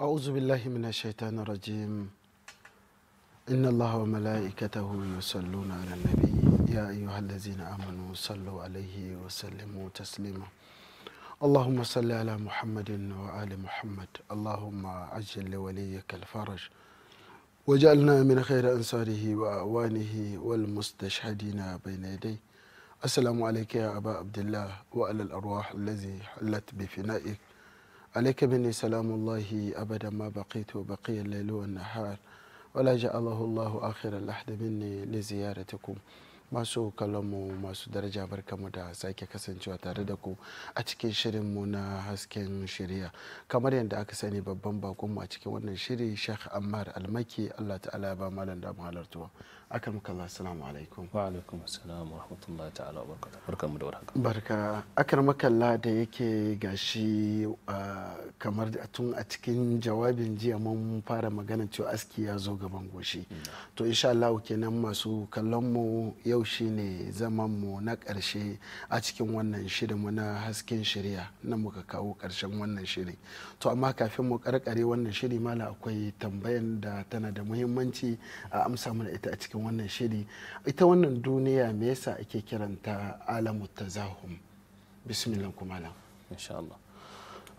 أعوذ بالله من الشيطان الرجيم إن الله وملائكته يصلون على النبي يا أيها الذين آمنوا صلوا عليه وسلموا تسليما اللهم صل على محمد وآل محمد اللهم عجل لوليك الفرج وجعلنا من خير أنصاره وأعوانه والمستشهدين بين يديه السلام عليك يا أبا عبد الله وعلى الأرواح الذي حلت بفنائك عليك مني سلام الله أبدا ما بقيت بقي الليل والنهار ولا جعله الله آخر اللحد مني لزيارتكم ما سو كلمو ما سو درجة بركة مدى سايكي كسن شو تاردكو أتكي شرم منا هسكن شريا كمارين دا أكساني ببامبا كوم أتكي وانا شري شيخ أمار المكي الله تعالى بامالا دام غالرتوه akan muka assalamu alaikum wa alaikum assalam wa rahmatullahi ta'ala wa barkamu da warhaka barka akar makalla da yake gashi ah, kamar tun a cikin jawabin jiya mun fara magana cewa aski ya zo gaban goshi mm. to insha Allah kenan masu kallon mu yau shine zaman mu na karshe a cikin wannan shirin mu na hasken shirya na muka kawo karshen wannan shirin to amma kafin mu karkare wannan shiri mala akwai tambayan da tana da muhimmanci a amsa mana ita a cikin cikin wannan shiri ita wannan duniya me yasa ake kiranta alamu tazahum bismillah kuma nan insha Allah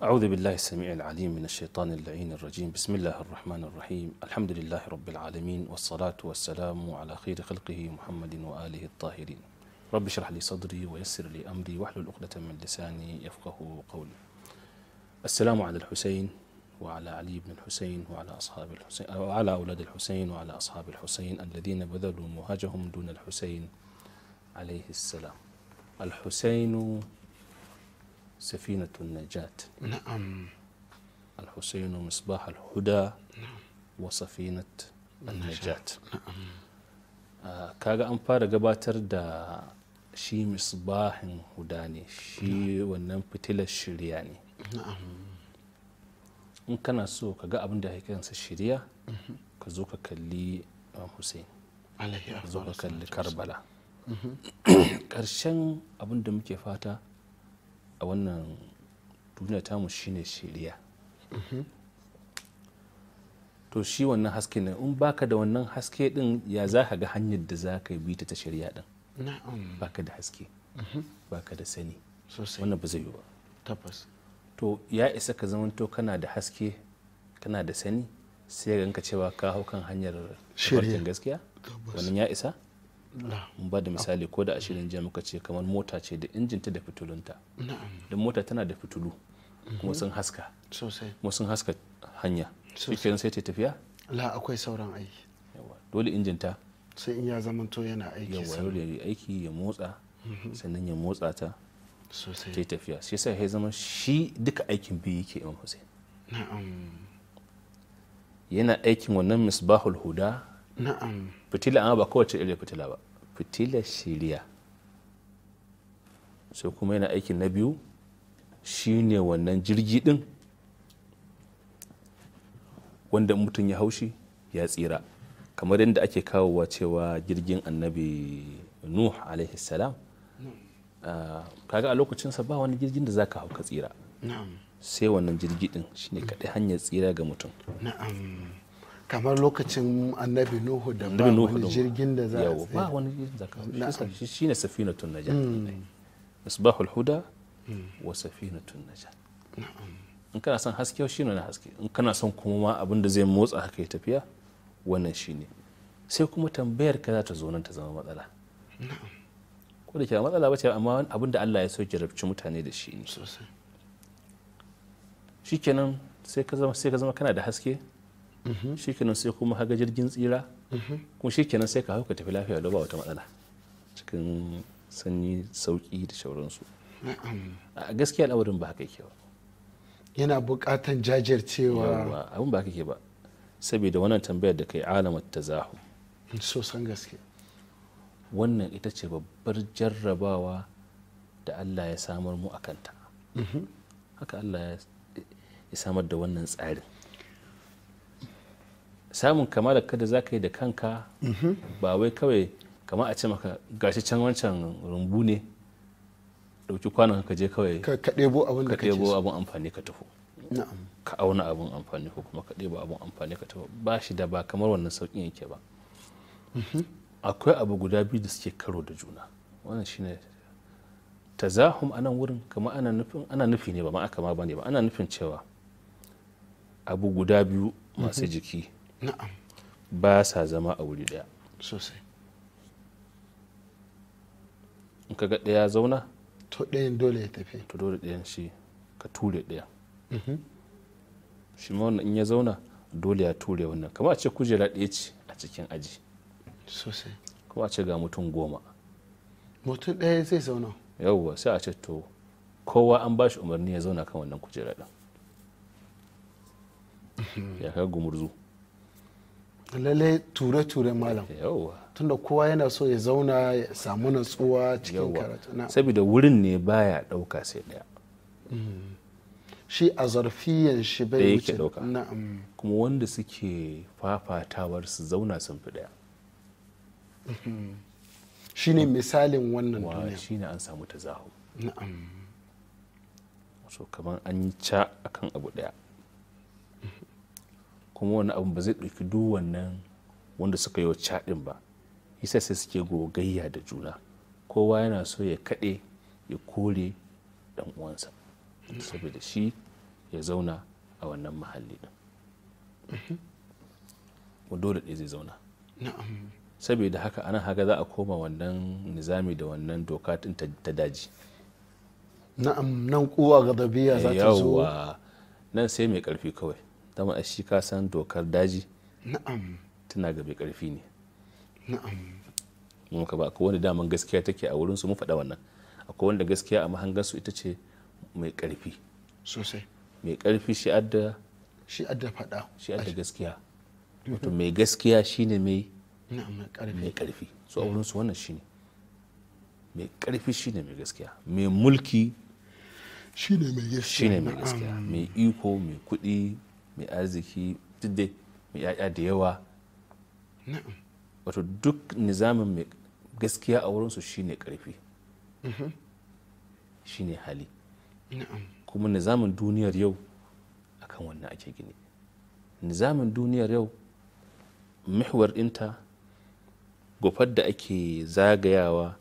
أعوذ بالله السميع العليم من الشيطان اللعين الرجيم بسم الله الرحمن الرحيم الحمد لله رب العالمين والصلاة والسلام على خير خلقه محمد وآله الطاهرين رب اشرح لي صدري ويسر لي أمري واحلل عقدة من لساني يفقه قولي السلام على الحسين وعلى علي بن الحسين وعلى أصحاب الحسين وعلى أولاد الحسين وعلى أصحاب الحسين الذين بذلوا مهاجهم دون الحسين عليه السلام الحسين سفينة النجاة نعم الحسين مصباح الهدى نعم وسفينة النجاة نعم آه، كاغا ان فارا غباتر دا شي مصباح هداني شي ونن wannan الشرياني نعم in kana so ka ga abin da haikansa shirya ka zo ka kalli imam um, hussein ka zo ka kalli karbala ƙarshen mm-hmm. abin da muke fata a wannan duniya tamu shine shirya mm-hmm. to shi wannan haske ne in baka da wannan haske din ya za ka ga hanyar da za ka bi ta ta shirya din baka da haske mm-hmm. baka da sani wannan ba zai yi ba to ya isa ka zamanto kana da haske kana da sani sai ganka cewa ka hau kan hanyar tafarkin gaskiya wannan ya isa mun ba da misali ko da ashirin jiya muka ce kamar mota ce da injinta da fitulunta don mota tana da fitulu kuma sun haska kuma sun haska hanya shi sai ta tafiya la akwai sauran aiki dole injinta sai in ya zamanto yana aiki yawa dole aiki ya motsa mhm. sannan ya motsa ta ta tafiya shi yasa ya zama shi duka aikin biyu yake imam hussein yana aikin wannan misbahul huda fitila amma ba kowace irin fitila ba fitila shiriya sai kuma yana aikin na biyu shine wannan jirgi din wanda mutum ya haushi ya tsira kamar yadda ake kawowa cewa jirgin annabi nuh alaihi salam Eh, kaga a lokacinsa ba wani jirgin da zaka hau ka tsira sai wannan jirgi din shine kaɗai hanyar tsira ga mutum kamar lokacin annabi nuhu da ba wani jirgin da za a ba wani jirgin da zaka hau shi ne safinatun najat hmm. misbahul huda hmm. wa safinatun najat in kana son haske shi ne na haske in kana son kuma ma abin da zai motsa haka ya tafiya wannan shine sai kuma tambayar ka za ta zo nan ta zama matsala ko da ke matsala ba ce amma abin da Allah ya so jarabci mutane da shi ne shikenan sai ka zama sai ka zama kana da haske mm-hmm. shikenan sai kuma haga jirgin tsira mm-hmm. kuma shikenan sai ka hau ka tafi lafiya da ba wata matsala cikin sanyi sauki da shauransu a gaskiya al'amarin ba haka yake ba yana buƙatan jajircewa abin ba haka yake ba saboda wannan tambayar da kai alamar tazahum so san gaskiya wannan ita ce babbar jarrabawa da allah ya samar mu a kanta mhm. haka allah ya samar da wannan tsarin samun da kada za ka yi da kanka mhm. ba wai kawai kama a ce maka gashi can wancan rumbu ne dauki kwanan ka je kawai ka ɗebo abin da Ka ɗebo abun amfani ka tafi ka auna abin amfani ko kuma ka ɗebo abin amfani ka tafi ba shi da ba kamar wannan sauƙin yake ba mhm. akwai abu guda biyu da suke karo da juna wannan shine tazahum a nan wurin kama ana nufin ana nufi ne ba ma aka ma ne ba ana nufin cewa abu guda biyu masu mhm. jiki ba sa zama a wuri daya sosai in kaga daya zauna to ɗayan dole ya tafi to dole ɗayan shi ka ture ɗaya mhm. shi ma wannan in ya zauna dole ya ture wannan kama a ce kujera ɗaya ce a cikin aji sosai ko a ce ga mutum goma mutum ɗaya zai zauna yauwa sai a ce to kowa an ba shi umarni ya zauna kan wannan kujera ɗin ya kai gumurzu lalle ture-ture malam tunda kowa yana so ya zauna ya samu natsuwa cikin karatu saboda wurin ne baya ɗauka sai ɗaya mm. shi a zarfiyan shi bai wuce kuma wanda suke fafatawar su zauna sun fi ɗaya shi ne misalin wannan duniya ne an samu zahu na'am so kamar an yi ca akan abu daya kuma wani abu ba zai ɗauki duk wannan wanda suka yi wa caɗin ba isa sai suke gogayya da juna kowa yana so ya kaɗe ya kore dan uwansa saboda shi ya zauna a wannan mahalli din mhm. dole ɗaya zai zauna na'am saboda haka ana haka za a koma wannan nizami da wannan doka ta daji na'am nan kuwa dabiya za ta zo nan sai mai karfi kawai dama shi ka san dokar daji na'am tana ga mai karfi ne na'am mun ka ba akwai wanda daman gaskiya take a wurin su mun faɗa wannan akwai wanda gaskiya a mahangar su ita ce mai karfi sosai mai karfi shi adda shi adda faɗa shi adda gaskiya wato mai gaskiya shine mai mai karfi su a wurinsu wannan shine mai karfi shine mai gaskiya mai mulki shine mai gaskiya mai iko mai kuɗi mai arziki duk dai mai yaya da yawa wato duk nizamin mai gaskiya a wurinsu shine karfi mm-hmm. shine hali kuma nizamin duniyar yau akan wannan ake gini nizamin duniyar yau muhwar ɗinta gufar da ake zagayawa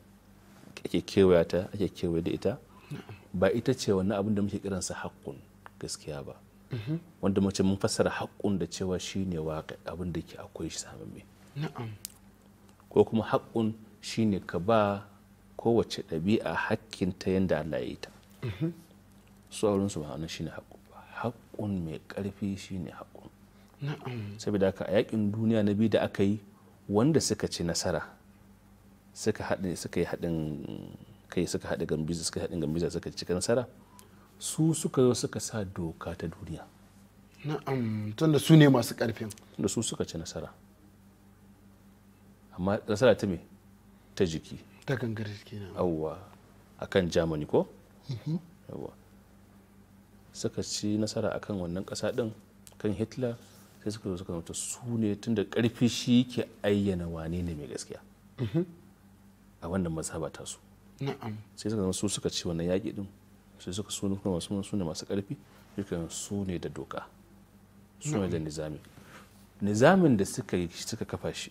ake kewaya ta ake kewaye da ita ba ita ce wani abin da muke kiransa haƙƙun gaskiya ba mhm. wanda mace mun fassara haƙƙun da cewa shine waƙa abin da ke akwai shi samamme ko kuma haƙƙun shine ka ba kowace ɗabi'a haƙƙin ta yadda Allah ya yi ta mhm. su auren su shi shine haƙƙun haƙƙun mai ƙarfi shine haƙƙun saboda haka a yaƙin duniya na biyu da aka yi wanda suka ci nasara suka haɗe suka yi haɗin kai suka haɗe gambiza suka haɗin gambiza suka ci nasara su suka zo suka sa doka ta duniya na'am tunda su ne masu ƙarfin da su suka ci nasara amma nasara ta me ta jiki ta gangare na awwa akan germany ko mm-hmm. suka ci nasara akan wannan ƙasa ɗin kan hitler sai suka zo suka zama su ne tun da karfi shi ke ayyana wane ne mai gaskiya mhm. a wannan mazhaba ta su sai suka zama su suka ci wannan yaƙi din sai suka su kuma su ne masu karfi su ne da doka su ne da nizami nizamin da suka yi suka kafa shi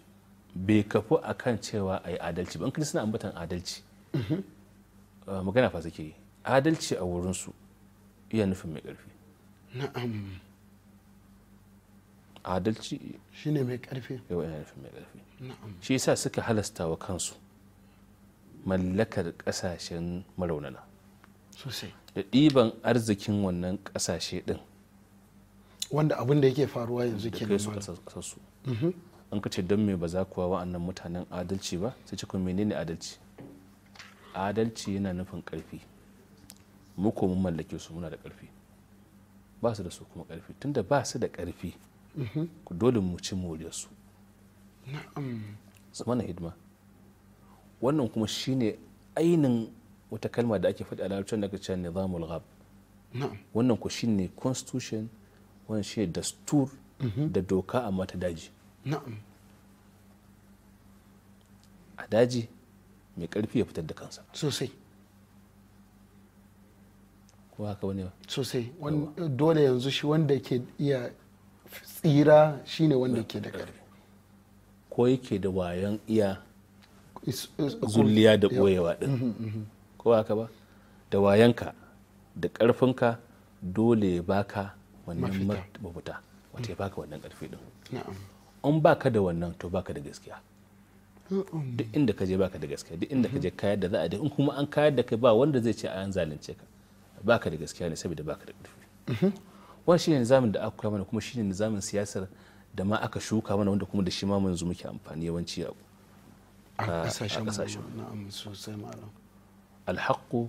bai kafu a kan cewa a yi adalci ba in suna ambatan adalci mhm. magana fa suke yi adalci a wurinsu iya nufin mai ƙarfi na'am adalci shine mai karfi yau yana nufin mai karfi shi yasa suka halasta wa kansu mallakar kasashen maraunana da ɗiban arzikin wannan kasashe din wanda abin da yake faruwa yanzu ke su mhm. an kace don me ba za kuwa wa'annan mutanen adalci ba sai ce kuma menene adalci adalci yana nufin karfi mu ko mun mallake su muna da karfi ba su da su kuma karfi tunda ba su da karfi dole mu ci moriyar su mana hidima wannan kuma shine ainin wata kalma da ake faɗi a larabcin daga cewa nizamul ghab wannan ku shine constitution wannan shine dastur mhm. da doka amma ta daji a daji mai karfi ya fitar da kansa sosai ko haka wani sosai dole yanzu shi wanda ke iya tsira shine wanda ke da ƙarfi ko yake da wayan iya zulliya da ɓoyewa ɗin mm-hmm, mm-hmm. ko haka ba da wayanka da ƙarfinka dole ya baka wannan mafita. wata ya baka wannan ƙarfi ɗin in baka da wannan to baka da gaskiya duk inda ka je baka da gaskiya duk inda ka mm-hmm. je kayar da za a da in kuma an kayar da kai ba wanda zai ce an zalunce ka baka da gaskiya ne saboda baka da ƙarfi wani shine nizamin da aka kawo mana kuma shine nizamin siyasar da ma aka shuka mana wanda kuma da shi ma yanzu muke amfani yawanci a kasashen na'am sosai malam alhaqqu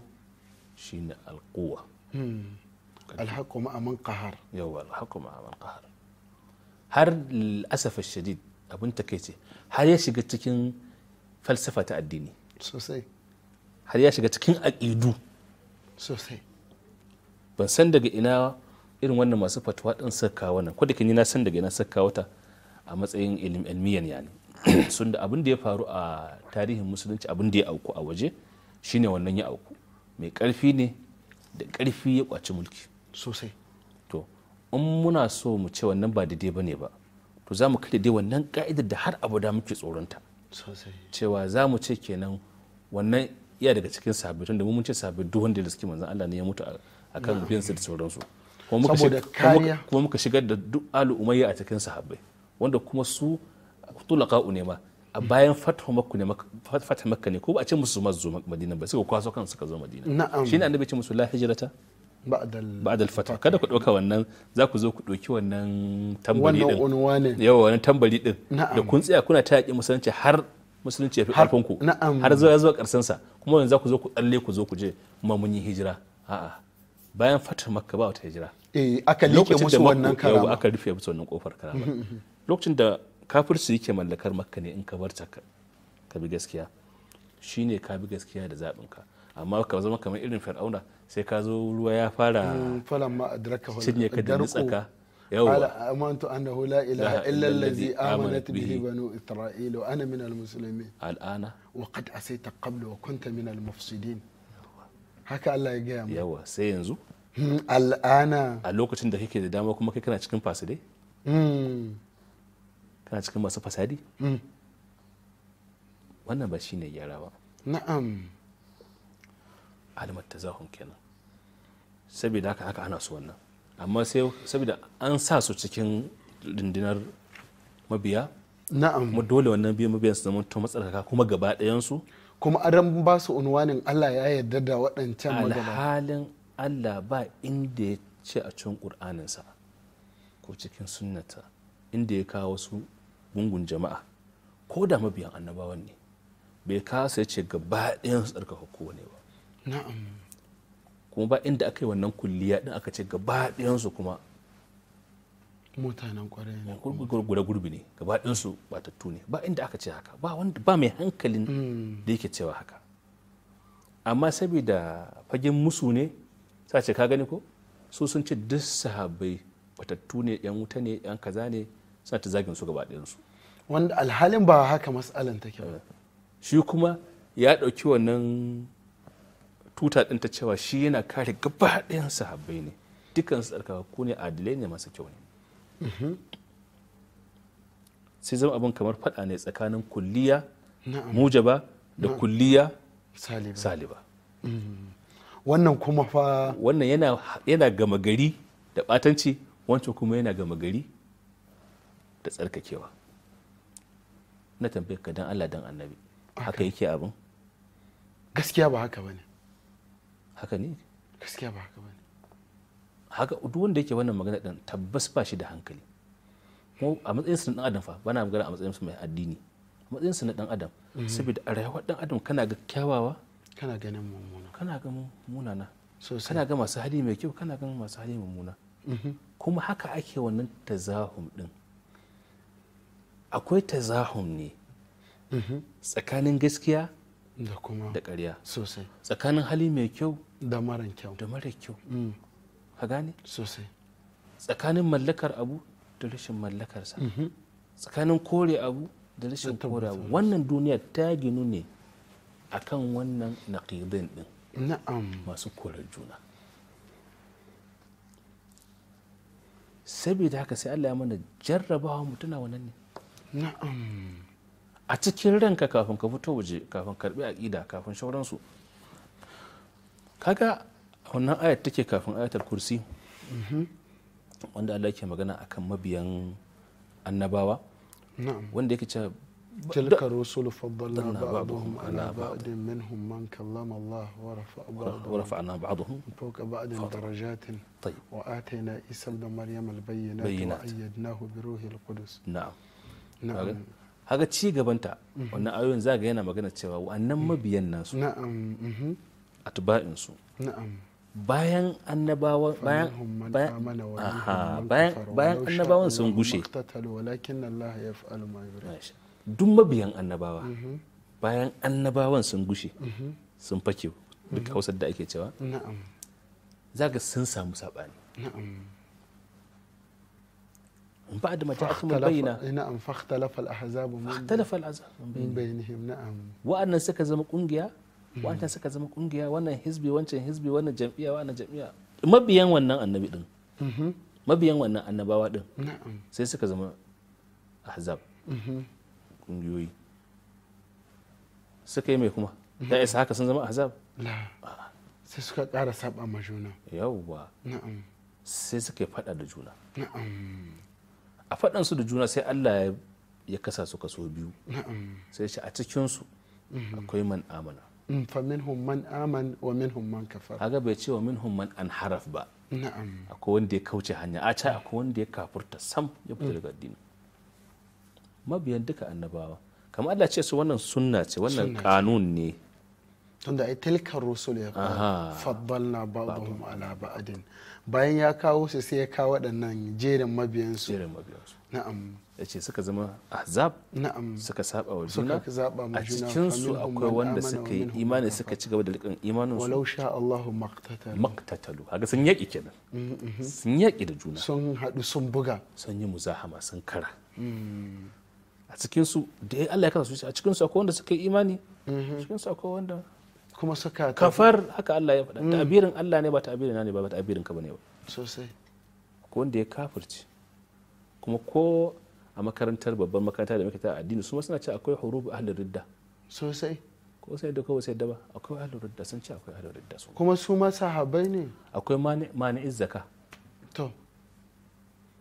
shine alquwa hmm. alhaqqu ma man qahar yawa alhaqqu ma man qahar har asafa shadid abin takeice har ya shiga cikin falsafa ta addini sosai har ya shiga cikin aqidu sosai ban san daga ina irin wannan masu fatuwa din saka wannan ko da ni na san daga yana saka wata a matsayin ilmiyan yani sun da abin da ya faru a tarihin musulunci abin da ya auku a waje shine wannan ya auku mai karfi ne da karfi ya kwaci mulki sosai to in muna so mu ce wannan ba daidai ne ba to za mu kada dai wannan ka'idar da har abada muke tsoronta sosai cewa za mu ce kenan wannan iya daga cikin sabbin da mun ce sabbin duk wanda ya suke manzon Allah ne ya mutu akan bin da sauransu saboda kariya kuma muka shigar da duk alu a cikin sahabbai wanda kuma su tulaka ne ma a bayan fata ne makka ne ko ba a ce musu masu zo madina ba sai ko kwaso kan suka zo madina shi ne annabi ce musu la hijrata ba'dal fatah kada ku ɗauka wannan za ku zo ku ɗauki wannan tambari din wannan unwane yawa wannan tambari din da kun tsaya kuna ta yaƙi musulunci har musulunci ya fi ƙarfin ku har zuwa zuwa ƙarshen sa kuma yanzu za ku zo ku tsalle ku zo ku je kuma mun yi hijira a'a bayan fata makka ba wata hijira Eh, aka rike musu wannan karama aka rufe musu wannan kofar karama lokacin da kafirci yake mallakar makka ne in ka bar ta ka bi gaskiya shine ka bi gaskiya da zaɓin ka amma ka zama kamar irin fir'auna sai ka zo ruwa ya fara mm, falan ma adraka cinye ka da tsaka yawwa ala amantu annahu la ilaha illa gaya mu yawa sai yanzu Hmm, al'ana a lokacin da kake da dama kuma kai kana cikin fasidai hmm. kana cikin masu fasadi hmm. wannan ba shi ne gyara ba na'am alamar tazahun kenan saboda haka aka ana su wannan amma sai saboda an sa su cikin dindinar mabiya na'am mu dole wannan biyan mabiyan su zama to matsalaka kuma gaba ɗayan su kuma adam ba su unwanin Allah ya yarda da waɗancan magana alhalin allah ba inda ya ce a cikin ƙur'aninsa ko cikin sunnata inda ya kawo wasu gungun jama'a ko da mabiyan annabawan ne bai kasa ya ce gaba ɗayan su tsarkaka kowane ba na'am kuma ba inda aka yi wannan kulliya ɗin aka ce gaba ɗayan su kuma mutanen kwarai ne guda gurbi ne gaba ɗayan su batattu ne ba inda aka ce haka ba wanda ba mai hankalin hmm. da yake cewa haka amma saboda fagen musu ne sa ce ka gani ko su sun ce duk sahabbai batattu ne yan wuta ne yan kaza ne suna ta zagin su gaba su wanda alhalin ba haka matsalan take ba eh. shi kuma ya ɗauki wannan tuta ɗin ta cewa shi yana kare gaba ɗayan sahabbai ne dukkan su ku ne adilai ne masu kyau ne mhm. sai zama abin kamar faɗa ne tsakanin kulliya mujaba da kulliya saliba mhm. wannan kuma fa wannan yana gama gari da batanci wancan kuma yana gama gari da tsarkakewa na tambayar ka dan Allah dan annabi haka yake abin gaskiya ba haka bane haka ne gaskiya ba haka bane haka duk wanda yake wannan magana dan tabbas ba shi da hankali ko a matsayin su na dan adam fa bana magana a matsayin su mai addini a matsayin su na dan adam mm-hmm. saboda a rayuwar dan adam kana ga kyawawa kana ganin mummuna kana ga mummuna na kana ga masu hali mai kyau kana ganin masu hali mummuna mm-hmm. kuma haka ake wannan tazahum din akwai tazahum ne mm-hmm. tsakanin gaskiya da kuma da ƙarya sosai tsakanin hali mai kyau da mara kyau da mara kyau mm. ka gane sosai tsakanin mallakar abu da rashin mallakarsa mm-hmm. tsakanin kore abu da rashin kore abu wannan duniya ta ginu ne akan wannan naqidin din na'am masu korar juna saboda haka sai Allah ya mana jarrabawa mu tana wannan ne na'am a cikin ranka kafin ka fito waje kafin karbi aqida kafin shauransu kaga wannan ayat take kafin ayatul kursi mhm. wanda Allah yake magana akan mabiyan annabawa wanda yake cewa تلك الرسل فضلنا بعضهم على بعض منهم من كلم الله ورفع بعضهم ورفعنا بعضهم فوق بعض درجات طيب واتينا عيسى ابن مريم البينات بينات. وايدناه بروح القدس نعم نعم haka ci gabanta wannan ayoyin zaga yana magana cewa wannan mabiyan nasu na'am atba'in su na'am bayan annabawan bayan bayan annabawan sun gushe duk mabiyan annabawa mhm. bayan annabawan sun gushe mhm. sun fake duk mhm. hausar da ake cewa za ka sun samu saɓani ba a da mace a kuma bayyana na'am fakhtalafa al-ahzabu fakhtalafa al-ahzabu bainihim na'am wa'annan suka zama kungiya wa'annan suka zama kungiya wannan hizbi wancan hizbi wannan jam'iyya wannan jam'iyya mabiyan wannan annabi din mabiyan wannan annabawa din sai suka zama ahzab kungiyoyi suka yi mai kuma da isa haka sun zama azab sai suka ƙara saba ma juna yawwa sai suka fada da juna a fadansu da juna sai Allah ya kasa su kaso biyu sai shi a cikinsu mhm. akwai man amana mm, faminhum man aman wa minhum man kafar haga bai ce wa minhum man an haraf ba akwai wanda ya kauce hanya a akwai wanda ya kafurta sam ya fita mm. daga addini mabiyan duka annabawa kama Allah ce su wannan sunna ce wannan kanun ne tunda ai tilkar rusul ya faddalna ba'dhum ala ba'din bayan ya kawo su sai ya kawo waɗannan jerin su jerin su. na'am yace ce suka zama ahzab na'am suka saba wa juna a cikin su akwai wanda suka yi imani suka ci gaba da rikan imanin su walau sha Allahu maqtatalu maqtatalu haka sun yaki kenan mm-hmm. sun yaki da juna sun hadu sun buga sun yi muzahama sun kara mm. a cikin su da ya Allah ya kasa su a cikin su akwai wanda suka yi imani mhm. cikin su akwai wanda kuma suka kafar haka Allah ya faɗa mm. tabirin Allah ne ba tabirin na ne ba tabirin ka bane ba sosai ko wanda ya kafirci kuma ko a makarantar babban makaranta da muke ta addini su ma suna cewa akwai hurubu ahlur ridda sosai ko sai da kawai sai da ba akwai ahlur ridda sun ce akwai ahlur ridda kuma su ma sahabbai ne akwai mani'iz zaka to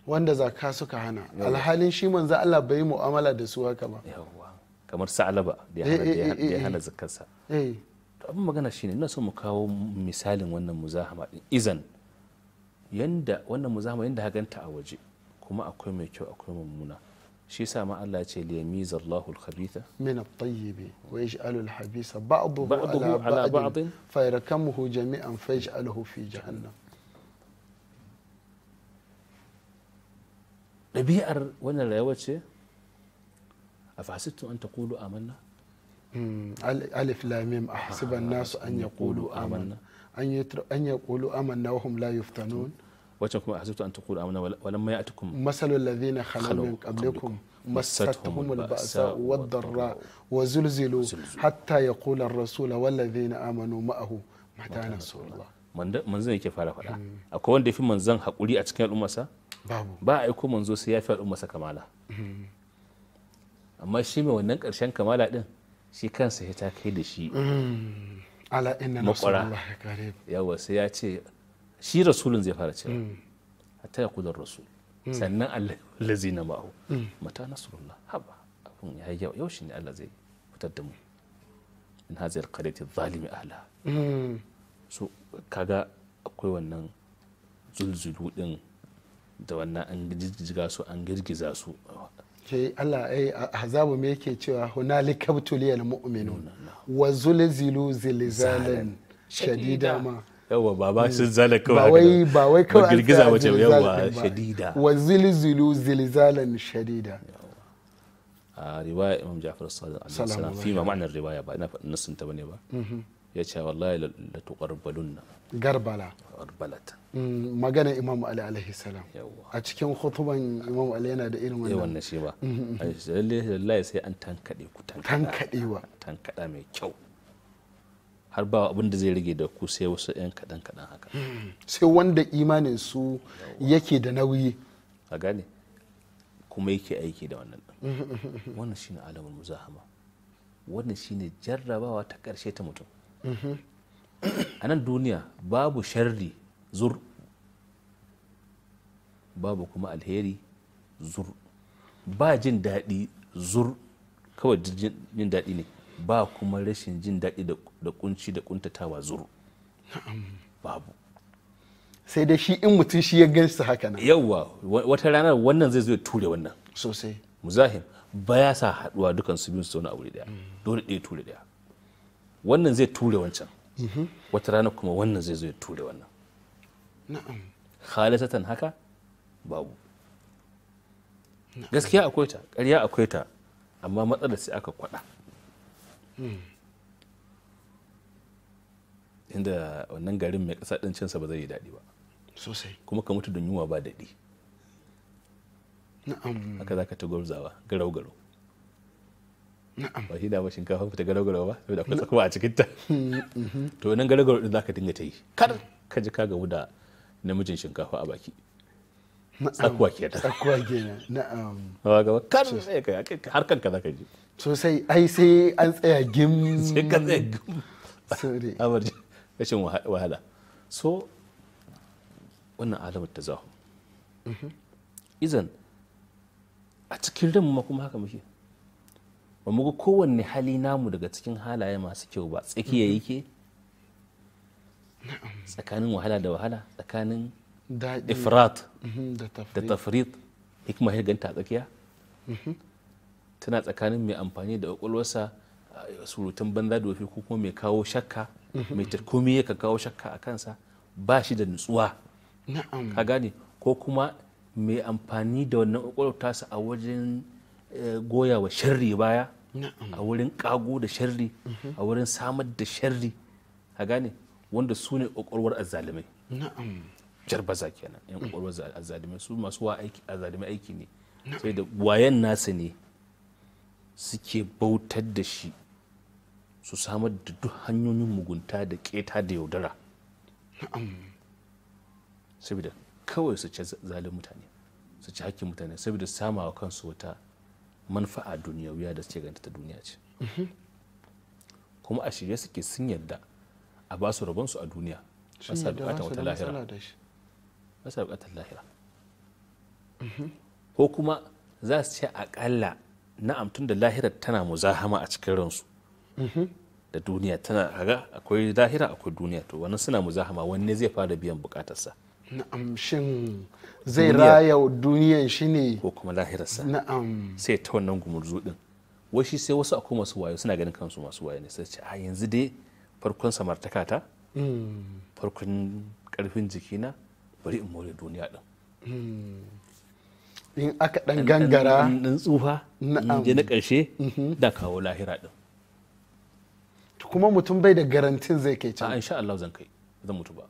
wanda zaka suka hana alhalin shi manzo Allah bai mu'amala da su haka ba kamar sa'alaba da ya eh, hana eh, eh, zakarsa to abin magana shine ina so mu kawo misalin wannan muzahama din izan yanda wannan muzahama yanda haganta a waje kuma akwai mai kyau akwai mummuna shi sa ma Allah ce liyamiza Allahu al-khabitha min at-tayyib wa yaj'alu al-habisa ba'dahu ala ba'd fa yarkamuhu jami'an fa yaj'aluhu fi jahannam ɗabi'ar wannan rayuwar ce a fasitun an ta kulu amanna hmm, alif lamim a hasiban nasu an ya kulu amanna an ya kulu amanna wahum la yuftanun wacce kuma a hasibtu an ta kulu amanna walan ma ya'tukum masalul ladhina khalaw min qablikum مستهم البأساء والضراء وزلزلوا حتى يقول الرسول والذين آمنوا معه متى نصر الله من زين كيف فعل فلا أكون دفي من زين حقولي أتكلم أمسا ba a aiko manzo sai ya fi al'ummarsa kamala amma shi mai wannan karshen kamala din? shi kansa ya ta kai da shi mm. ala inna makwara yawa sai ya ce shi rasulun zai fara cewa mm. A ta ya kudar rasul mm. sannan allah lazi na ma'u mata nasrullah haba abin ya yi yau shi ne allah zai fitar da mu in haziyar kareti zalimi ala so kaga akwai wannan zulzulu din da wannan an girgiza su an girgiza su ke Allah eh, ai hazabu me yake cewa hunalika butuliyal mu'minun wa zulzilu zilzalan shadida ma yawa ba ba sun zala kawai ba wai ba wai kawai girgiza wace yawa shadida wa zilzilu zilzalan shadida a riwaya Imam Ja'far Sadiq alaihi salam fi ma ma'anar riwaya ba ina faɗin nasin ta bane ba mm-hmm. ya ce wallahi la tuqarbalunna garbala garbalata mm, magana imam ali alaihi salam a cikin khutuban imam ali yana da irin eh, wannan wannan shi ba mm, mm, lalle sai an tankade ku tankadewa tankada mai kyau har ba abin da zai rage da ku sai wasu yan kadan kadan haka sai wanda imanin su yake da nauyi a gane kuma yake aiki da wannan wannan shine alamul muzahama wannan shine jarrabawa ta karshe ta mutum a nan duniya babu sharri zur babu kuma alheri zur ba jin daɗi zur kawai jin daɗi ne ba kuma rashin jin daɗi da kunci da kuntatawa zur babu sai dai shi in mutum shi ya gansu haka nan yawwa wata ranar wannan zai zo ya ture wannan sosai muzahim ba ya sa haɗuwa dukansu biyu su zauna a wuri daya mm. dole ɗaya ture daya wannan zai ture wancan mhm. wata rana kuma wannan zai zai ture wannan khalisatan haka babu gaskiya akwai ta ƙarya akwai ta amma matsalar sai aka kwada hmm. inda wannan garin mai ƙasa ɗin cinsa ba zai yi daɗi ba sosai kuma ka mutu don yunwa ba daɗi haka za ka ta gwarzawa garau-garau ba shi da ba shinkafa ba ta garau ba saboda akwai tsakuwa a cikin ta mm-hmm. to nan garau da din zaka dinga ta yi kar ka ji ka gamu da namijin shinkafa a baki tsakuwa kenan tsakuwa kenan na'am ba gaba kar sai ka har kanka zaka ji sosai ai sai an tsaya gim sai ka tsaya gim sorry rashin wahala so wannan alamar ta zahu mm-hmm. izan a cikin ran ma kuma haka muke ba mu ga kowanne hali namu daga cikin halaye masu kyau ba tsakiya mm-hmm. yake tsakanin wahala da wahala tsakanin ifrat mm-hmm, da tafrit hikima ya ganta tsakiya mm-hmm. tana tsakanin mai amfani da kwakwalwarsa surutun banza da wafi ko kuma mai kawo shakka mai komai ya kawo shakka a kansa ba shi da nutsuwa ka gane ko kuma mai amfani da wannan kwakwalwar tasa a wajen goya wa sharri baya a wurin kago da sharri mhm. a wurin samar da sharri a gane wanda su ne ƙwaƙwarwar azzalumai jarbaza kenan yan ƙwaƙwarwar azalimai su masu wa aiki azalimai aiki ne sai da wayan nasa ne suke bautar da shi su samar da duk hanyoyin mugunta da keta da yaudara saboda kawai su ci zalin mutane su ci hakkin mutane saboda samawa kansu wata manfa'a wuya da suke ganta ta duniya ce kuma a shirye suke sun yadda a ba su rabonsu a duniya ba bukatar wata lahira bukatar lahira mhm. ko kuma za su ce akalla na'am tun da lahirar tana muzahama a cikin ransu mhm. da duniya tana kaga akwai lahira akwai duniya to wani suna muzahama ne zai fara biyan bukatarsa na'am shin zai raya duniyan shi ne ko kuma lahirarsa na'am sai ta wannan gumurzu din wai shi sai wasu akwai masu wayo suna ganin kansu masu wayo ne sai ce a yanzu dai farkon samartaka ta farkon karfin jikina bari in more duniya din hmm. in aka dan gangara dan tsufa je na karshe mhm. da kawo lahira din kuma mutum bai da garantin zai kai can a insha Allah zan kai zan mutu ba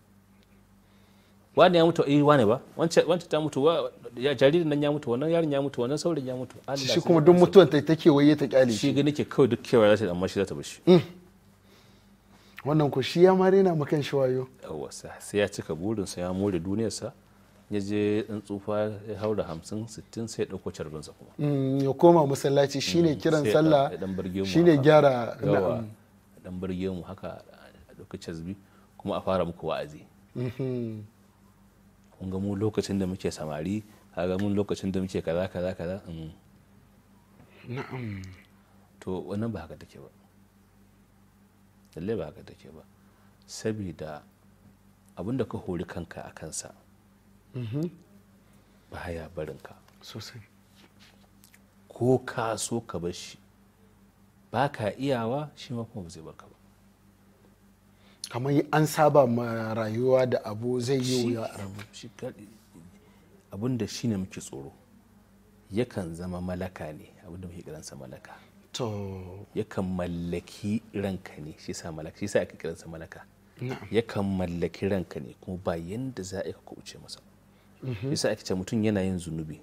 wani ya mutu eh wani ba wancan ta mutu jaririn nan ya mutu wannan yarin ya mutu wannan saurin ya mutu shi kuma duk mutuwan ta take waye ta kyale shi gani ke kawai duk kewa za ta amma shi za ta shi. Mm. wannan ko shi ya ma rena makan shi wayo sai ya cika burin sa ya more duniyarsa ya je in tsufa ya haura hamsin sittin sai ya carbin sa kuma mm, ya koma masallaci shine mm, kiran sallah shine gyara na'am dan burge mu haka a dauki casbi kuma a fara muku wa'azi mm-hmm. mun ga mu lokacin da muke samari kaga mun lokacin da muke kaza kaza kaza um. na'am to wannan ba haka take ba lalle ba haka take ba saboda da ka hori kanka a kansa mm-hmm. ba ya barinka sosai ko ka so ka bar shi ba ka iyawa shi ma kuma ba zai baka kamar an saba ma rayuwa da abu zai yi wuya a rabu abin da ne muke tsoro yakan zama malaka ne abin da muke kiransa malaka to yakan mallaki ranka ne shi sa malaka shi sa aka kiransa malaka yakan mallaki ranka ne kuma ba yanda za a kubuce masa mhm. shi sa aka ce mutum yana yin zunubi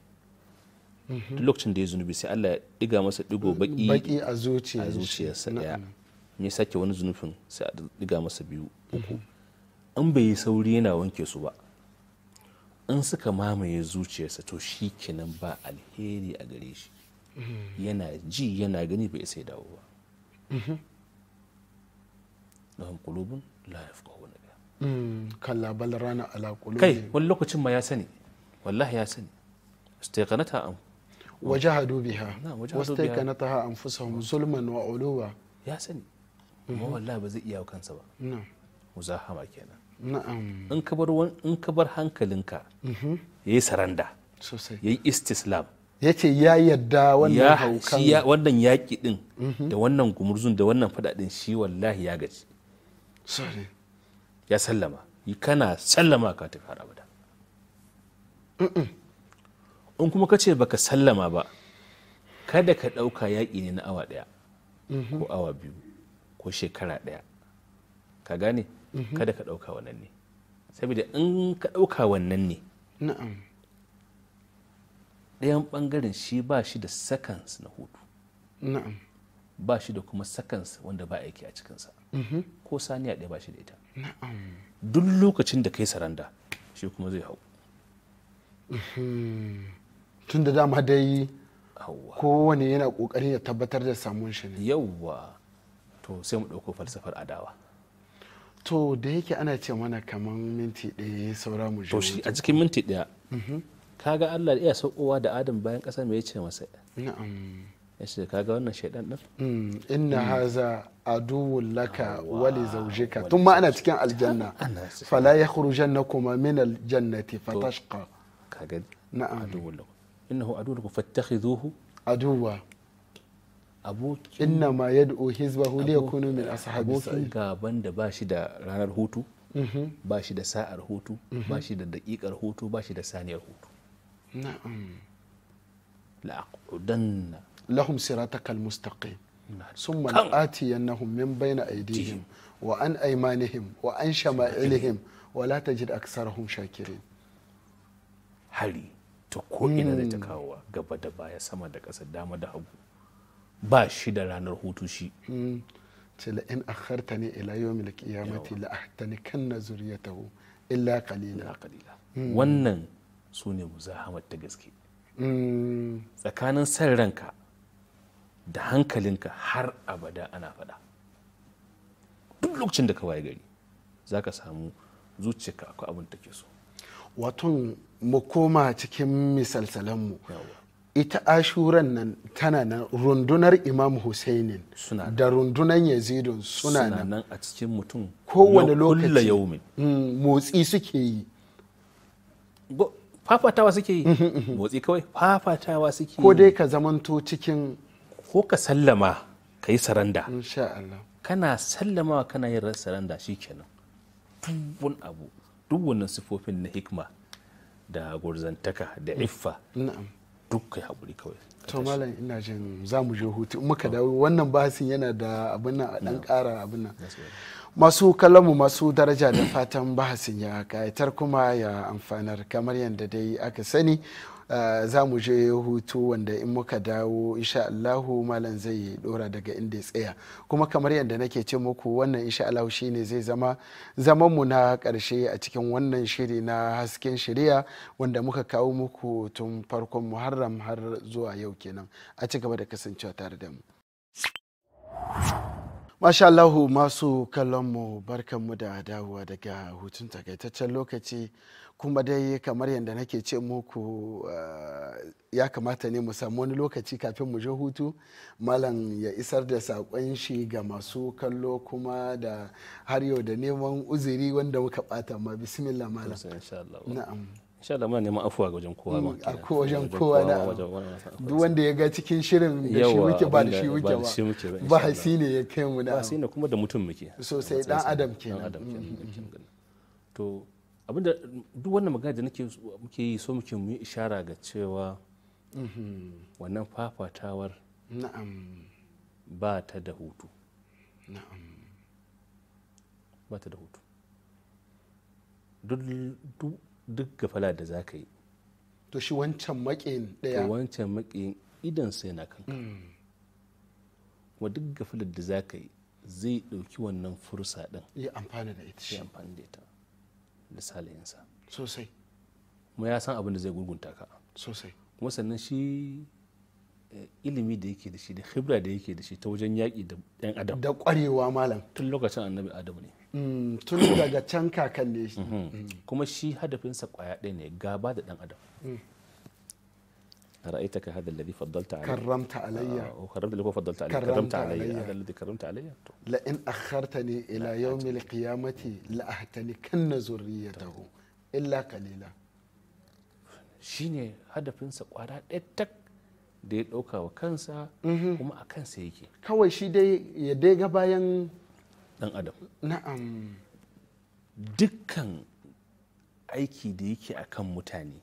mhm. duk lokacin da ya zunubi sai Allah ya diga masa digo baki a zuciyarsa daya ya sake wani zunufin sai a diga masa biyu uku in bai yi sauri yana wanke su ba in suka mamaye zuciyarsa to shi kenan ba alheri a gare shi mm-hmm. yana ji yana gani bai sai dawo ba mm-hmm. lahum qulubun la yafqahuna biha mm, kalla bal rana ala qulubi kai wani lokacin ma ya sani wallahi ya sani istaqanata am wajahadu biha wastaqanataha anfusahum zulman wa uluwa ya sani amma mhm. wallahi ba zai iya kansa ba muzahama kenan in ka bar in ka bar hankalinka mhm. yayi saranda sosai yayi istislam yace ya yadda wannan haukan wannan yaki din mhm. da wannan gumurzun da wannan fada din shi wallahi ya gaji ya sallama kana sallama ka ta fara bada. in kuma ka ce baka sallama ba kada ka ɗauka yaƙi ne na awa ɗaya ko awa biyu ko shekara ɗaya ka gane mhm. kada ka ɗauka wannan ne saboda in ka ɗauka wannan ne ɗayan ɓangaren shi ba shi da seconds na hutu ba shi da kuma seconds wanda ba aiki a cikinsa mhm. ko saniya ɗaya ba shi da ita duk lokacin da kai saranda shi kuma zai hau mhm. tun da dama dai kowane yana ƙoƙarin ya tabbatar da samun shi ne yawwa to sai mu dauko falsafar adawa to da yake ana ce mana kaman minti ɗaya saura mu to shi a cikin minti ɗaya kaga Allah ya saukowa da Adam bayan ƙasa me yace masa na'am yace kaga wannan shaidan din inna haza aduwwun laka wa li zawjika tun ma ana cikin aljanna fala yakhrujannakuma min aljannati fatashqa kaga na'am aduwwun lakum innahu aduwwun lakum fattakhidhuhu aduwwa abokin inna ma yadda o hizba hu liya kunu min ashabi abokin gaban da bashi da ranar hutu mhm. ba shi da sa'ar hutu mhm. ba shi da daƙiƙar hutu ba shi da saniyar hutu na'am la'aqudanna lahum siratakal mustaqim summa al'ati yannahum min na aydihim wa an aymanihim wa an shama'ilihim wa la tajid aksarahum shakirin hari ta ko da ta mm. kawo gaba da baya sama da ƙasa dama da hagu ba shi da ranar hutu shi ce mm. la in akharta ne ila yawmil qiyamati la ahtani kanna zuriyatahu illa qalila mm. wannan su ne muzahamar ta gaske mm. tsakanin san ranka da hankalinka har abada ana faɗa duk lokacin da ka waye gari za ka samu zuciyarka akwai abin take so wato mu koma cikin misalsalanmu ita ashuran nan tana nan rundunar imam husainin da rundunar yazidun suna nan a cikin mutum kowane lokaci mm, motsi suke yi fafatawa suke yi mhm, mhm. motsi kawai fafatawa suke yi ko dai ka zamanto cikin ko ka sallama ka yi saranda kana sallama kana yin saranda kenan duk abu duk wannan sifofin na hikma da gurzantaka da iffa duk haƙuri kawai to malam ina jin za mu je hutu muka dawo wannan bahasin yana da abin nan a dan ƙara abin nan masu kallonmu masu daraja da fatan bahasin ya kayatar kuma ya amfanar kamar yadda dai aka sani Eh, za mu je hutu wanda in muka dawo insha Allahu malam zai dora daga inda ya tsaya kuma kamar yadda nake ce muku wannan insha Allahu shine zai zama zaman mu na karshe a cikin wannan shiri na hasken shari'a wanda muka kawo muku tun farkon Muharram har zuwa yau kenan a ci gaba da kasancewa tare da mu Masha Allahu masu kallon mu mu da dawowa daga hutun takaitaccen lokaci kuma dai kamar yadda nake ce muku eh, ya kamata ne mu samu wani lokaci kafin mu je hutu malam ya isar da saƙon shi ga masu kallo kuma da har yau da neman uziri wanda muka ɓata ma bismillah malam na'am insha Allah muna neman afuwa ga wajen kowa ma a ko wajen kowa na duk wanda ya ga cikin shirin da shi muke ba da shi muke ba ba shi ne ya kai mu na ba shi ne kuma da mutum muke sosai dan adam kenan mm-hmm. to abinda duk wannan magana da nake muke yi so muke mu yi ishara ga cewa mm-hmm. wannan fafatawar na'am ba ta da hutu na'am ba ta da hutu duk gafala da za ka yi to shi wancan makin daya wancan makin idan sai na kanka mm. kuma duk gafalar da za ka yi zai ɗauki wannan fursa din ya amfani da ita da salayinsa sosai kuma ya san abin da zai gurgunta ka sosai kuma sannan shi eh, ilimi da yake da shi da hibra da yake da shi ta wajen yaƙi da ɗan adam da ƙwarewa malam tun lokacin annabi adamu ne mm, tun daga can kakan ne mhm. mm. kuma shi hadafinsa ƙwaya ɗaya ne gaba da ɗan adam mm. رأيتك هذا الذي فضلت عليه كرمت علي آه، وكرمت اللي هو فضلت عليه كرمت, كرمت علي, علي هذا الذي كرمت علي لئن أخرتني إلى لا يوم القيامة لأهتلكن ذريته إلا قليلا شيني هدف انسى قوارا اتك دي اوكا وكنسا وما اكن سيكي كوي شي دي يدي غباين دان ادم نعم دكان aiki da yake akan mutane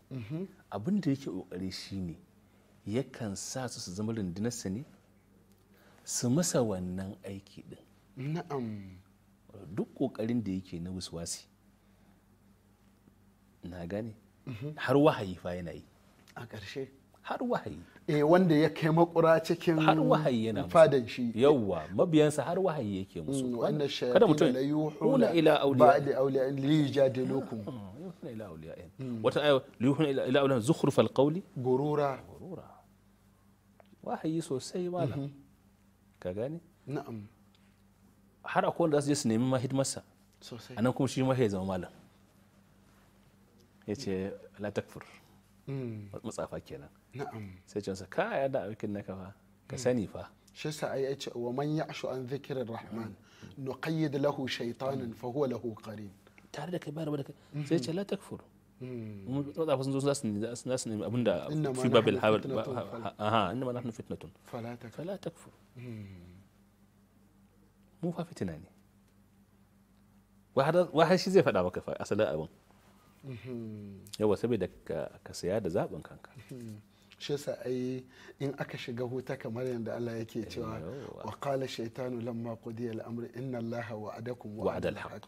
abin da yake yakan sa su su zama rundunarsa ne su masa wannan aiki din na'am duk kokarin da yake na wasuwasi na gane mhm. har wahayi fa yana yi a ƙarshe har wahayi eh wanda ya kai makura cikin har wahayi yana fadan shi yawa mabiyansa har wahayi yake mm, musu wannan kada mutum la yuhuna ila awliya ba'da awliya li yujadilukum mm, yuhuna ila awliya mm. wata ayo yuhuna ila awliya zukhrufal qawli gurura wahayi sosai malam mhm. ka gane na'am har akwai wanda za su je su nemi ma hidimarsa a nan kuma shi ma ya zama malam ya ce la takfur mm. matsafa kenan na'am sai ce masa ka ya da aikin naka fa ka mm. sani fa shi sa ai ce wa man ya'shu an dhikrir rahman mm. nuqayyid lahu shaytanan fa huwa lahu qarin tare da kai bayar da kai mm-hmm. sai ce la takfur matsafa sun zo za su nemi abin da fi babil aha inda ma nahnu fitnatun fala takfur hmm. mu fa fitina ne wahar shi zai faɗa maka asalin abin hmm. yawa saboda ka saya da zaɓin kanka hmm. shi sa ai in aka shiga huta kamar yadda Allah yake cewa wa qala shaytanu lamma qudiya al-amr inna allaha wa'adakum wa'ada al-haqq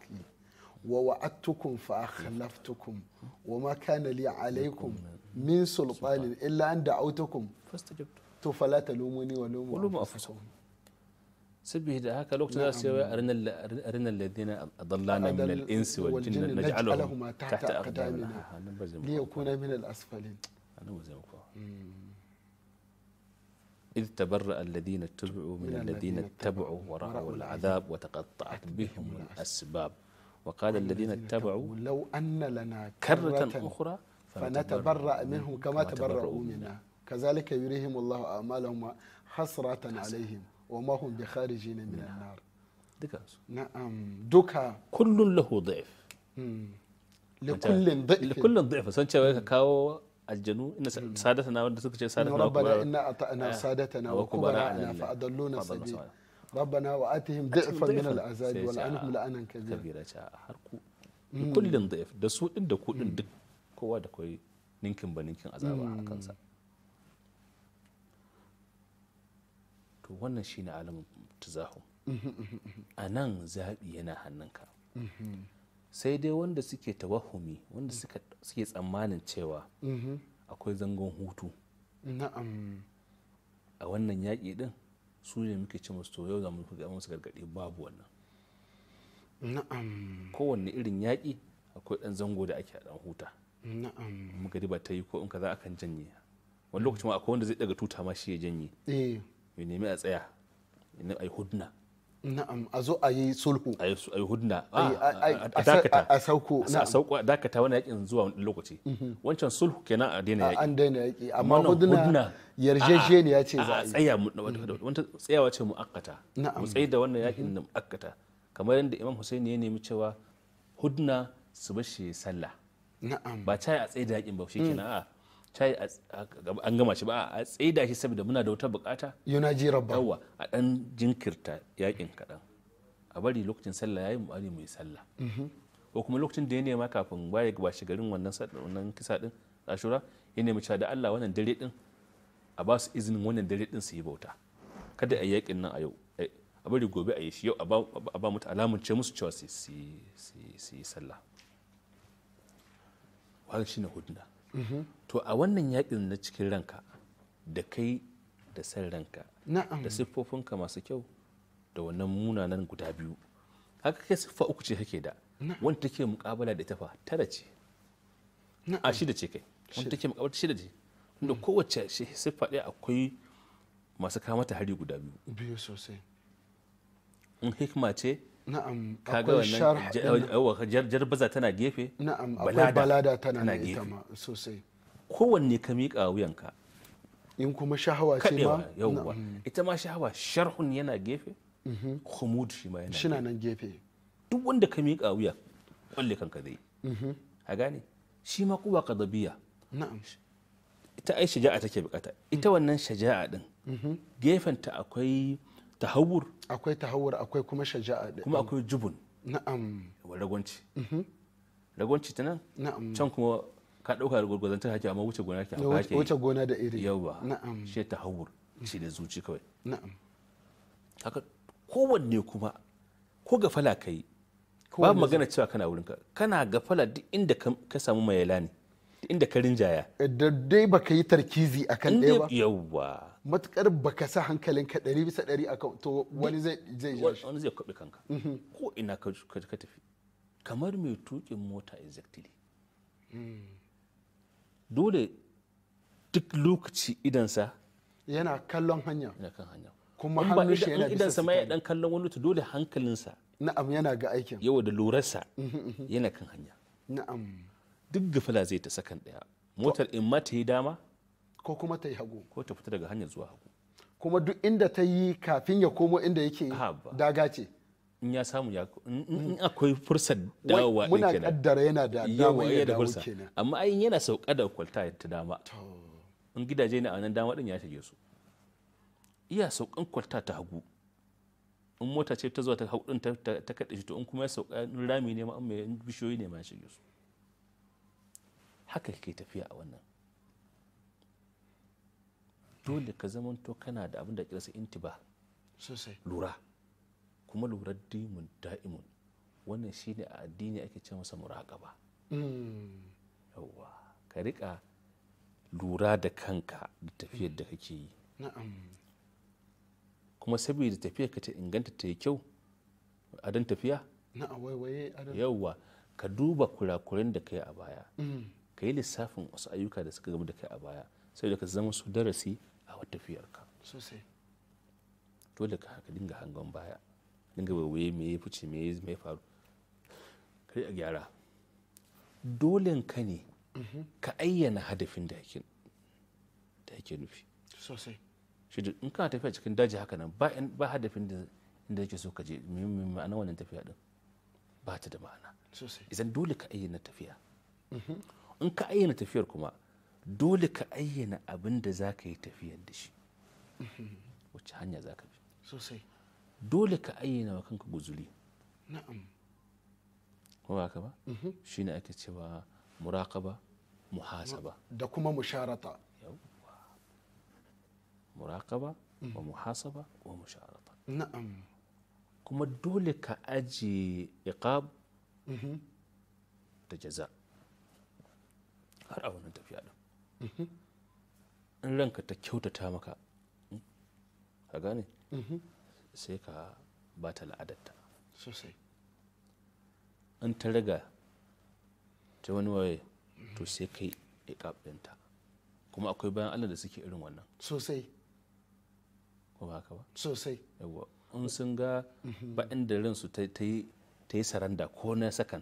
ووعدتكم فأخلفتكم وما كان لي عليكم من سلطان إلا أن دعوتكم فاستجبتم فلا تلوموني ولوموا ولوموا أنفسكم سبه ده هكا لوقت نعم. سوى أرنا, أرنا الذين أضلانا من الإنس والجن نجعلهم تحت أقدامنا آه، ليكون من الأسفلين إذ تبرأ الذين اتبعوا من, من الذين اتبعوا ورأوا العذاب وتقطعت بهم الأسباب وقال الذين اتبعوا لو أن لنا كرة, أخرى فنتبرأ منهم كما تبرؤوا منا كذلك يريهم الله أعمالهم حسرة عليهم وما هم بخارجين من نعم. النار نعم دكا كل له ضعف لكل ضعف لكل ضعف سان cewa ka kawo سادتنا inna سادتنا wanda suka ce sadatana rabbana ربنا wa atihim من min al'azab wal كبيرا كل ضعف ta har ku da su din da ku duk kowa da kai ninkin ba ninkin to wannan shine alamun tazahum a nan zaɓi yana hannunka sai dai wanda suke tawahumi wanda suke tsammanin cewa akwai zangon hutu a wannan yaƙi din su ne muke ce musu yau za mu ga su gargaɗi babu wannan na'am kowanne irin yaƙi akwai ɗan zango da ake ɗan huta na'am ba ta yi ko in kaza kan janye wani lokacin akwai wanda zai daga tuta ma shi ya janye eh ya nemi a tsaya a yi hudna na'am a zo a yi sulhu a yi hudna a dakata a sauko a sauko a dakata wani yakin zuwa wani lokaci mhm. wancan sulhu kenan a daina yaki an daina yaki amma hudna yarjejeniya ce za a yi tsaya wata tsayawa ce mu'akkata mu tsaye da wannan yakin da akata kamar yadda imam husaini ya nemi cewa hudna su bashi sallah na'am ba ta a tsaye da yakin ba shi kenan mm. a'a shayi an gama shi ba a tsaida shi saboda muna da wata bukata ji rabba yawa a dan jinkirta yakin kadan a bari lokacin sallah yayi mu bari mai sallah mm-hmm. ko kuma lokacin da ya nema kafin ga bashi garin wannan wannan kisa din ashura ya nemi cewa da Allah wannan dare din a ba su izinin wannan dare din su yi bauta kada a yi yakin nan a yau a bari gobe a yi shi yau a ba mutu alamun ce musu cewa su yi sallah wannan shine hudna mm-hmm. to a wannan yakin na cikin ranka da kai da san ranka da siffofinka masu kyau da wannan munanan guda biyu haka kai siffa uku ce kake da wanda take mukabala da ita fa tara ce a shida ce kai wanda take mukabala shida ce da mm. kowace siffa ɗaya akwai masu kama ta hari guda biyu biyu sosai in hikma ce na'am kaga wannan jarbaza tana gefe na'am akwai balada tana gefe sosai kowanne ka miƙa wuyanka in kuma shahawa ce ma yauwa mm. ita ma shahawa sharhun yana gefe mm-hmm. khumud shi ma yana shi nan gefe duk wanda ka miƙa wuya kwalle kanka zai mm-hmm. a gane shi ma kuwa qadabiya na'am ita ai shaja'a take bukata ita wannan shaja'a din mm-hmm. gefen ta akwai tahawur akwai tahawur akwai kuma shaja'a din kuma akwai jubun na'am ragwanci ragwanci ta nan can kuma ka ɗauka da ta hake amma wuce gona ke kake wuce gona da iri yawa na'am shi ta hawur shi da zuci kawai na'am haka kowanne kuma ko gafala kai ba magana cewa kana wurinka kana gafala duk inda ka samu mai duk inda ka rinjaya eh, da dai baka yi tarkizi akan dai ba yawa matukar baka sa hankalin ka ɗari bisa ɗari akan to wani zai zai wani zai kwabi kanka mhm. ko ina ka tafi kamar mai tuƙin mota exactly hmm. dole duk lokaci idansa yana kallon hanya kuma hannun shi yana idansa ma ya dan kallon wani to dole hankalinsa na'am yana ga aikin yau da lurarsa mhm, mhm, mhm. yana kan hanya na'am duk gafala zai ta sakan daya motar in ma ta yi dama ko kuma ta yi hagu ko ta fita daga hanyar zuwa hagu kuma duk inda ta yi kafin ya komo inda yake daga ce in ya samu ya in akwai fursar dawowa ɗin kenan muna kaddara yana da dama ya da fursa amma ai yana sauka da kwalta ta dama in gidaje ne a nan dama din ya shige su iya saukan kwalta ta hagu in mota ce ta zuwa ta hagu ɗin ta kaɗe shi to in kuma ya sauka rami ne ma in mai bishiyoyi ne ma ya shige su haka ke tafiya a wannan dole ka zamanto kana da abin da sa intiba lura kuma lura dimun da'imun wannan shi ne a addini ake ce masa muraƙaba hmm. yawwa ka rika lura da kanka da tafiyar da kake yi kuma saboda tafiyar ka ta inganta ta yi kyau adon tafiya yawwa ka duba kurakuren da ka yi a baya hmm. ka yi lissafin wasu ayyuka da suka gaba da kai a baya sai da ka zama su darasi a wata tafiyarka sosai dole ka dinga hangon baya dinga waiwaye me ya fice me ya faru kai a gyara dolen ka ne mhm. ka ayyana hadafin da yake nufi sosai shi in kana tafiya cikin daji haka nan ba hadafin da inda yake so ka je ma'ana wannan tafiya din ba ta da ma'ana idan dole ka ayyana tafiya mhm. in ka ayyana tafiyar kuma dole ka ayyana abin da za ka yi tafiyar da shi mhm. wacce hanya za ka bi sosai dole ka ayyana wa kanka guzuli na'am ko ba ka ba mhm. shine ake cewa muraqaba muhasaba da kuma musharata muraqaba mhm. wa muhasaba wa musharata na'am kuma dole ka aji iqab mhm. da jaza har a wannan tafiya din in ranka ta kyautata maka ka gane sai ka ba ta la'adatta sosai in ta riga ta wani waye to sai kai ya kafinta kuma akwai bayan Allah da suke irin wannan sosai ko ba haka ba sosai yawa in sun ga ba inda ransu ta yi ta yi saranda ko na sakan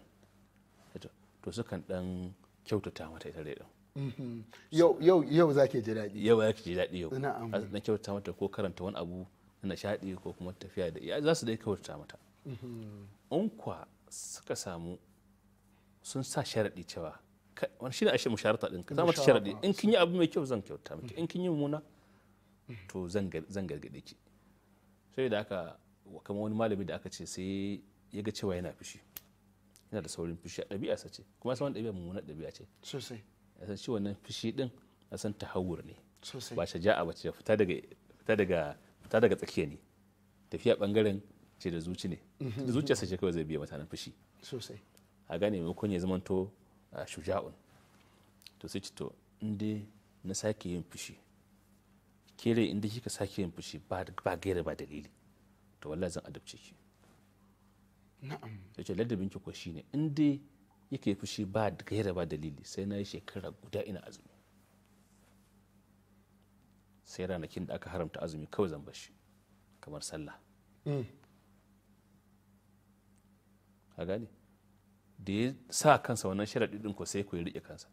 to sukan dan kyautata mata ita dai mm-hmm. yau yau yau zake ji daɗi yau zake ji daɗi yau na kyautata mata ko karanta wani abu nishaɗi ko kuma tafiya da iyali za su dai kawata mata mm-hmm. in kuwa suka samu sun sa sharaɗi cewa wani shi ne ashe musharata ɗin ka mata sharaɗi in kin yi abu mai kyau zan kyauta miki in kin yi muna mm-hmm. to zan gargaɗe ki sai da aka kamar wani malami da aka ce sai ya ga cewa yana fushi yana da saurin fushi a ɗabi'a sace kuma san wani ɗabi'a mummunar ɗabi'a ce sosai ya san shi wannan fushi ɗin ya san tahawur ne sosai ba shaja'a ba ce fita daga ta daga tsakiya ne tafiya bangaren ce da zuci ne da zuciyarsa ce kawai zai biya mutanen fushi sosai a gane maimakon ya zamanto shuja'un to sai ci to inda na sake yin fushi kere inda kika sake yin fushi ba gaira ba dalili to wallahi zan adabce ki na'am yace ladabin ki ko shine inda yake fushi ba gaira ba dalili sai na yi shekara guda ina azumi sai ranakin da aka haramta azumi kawai zan bashi kamar sallah mm. a gane da ya sa kansa wannan sharaɗi ɗin ko sai ku riƙe kansa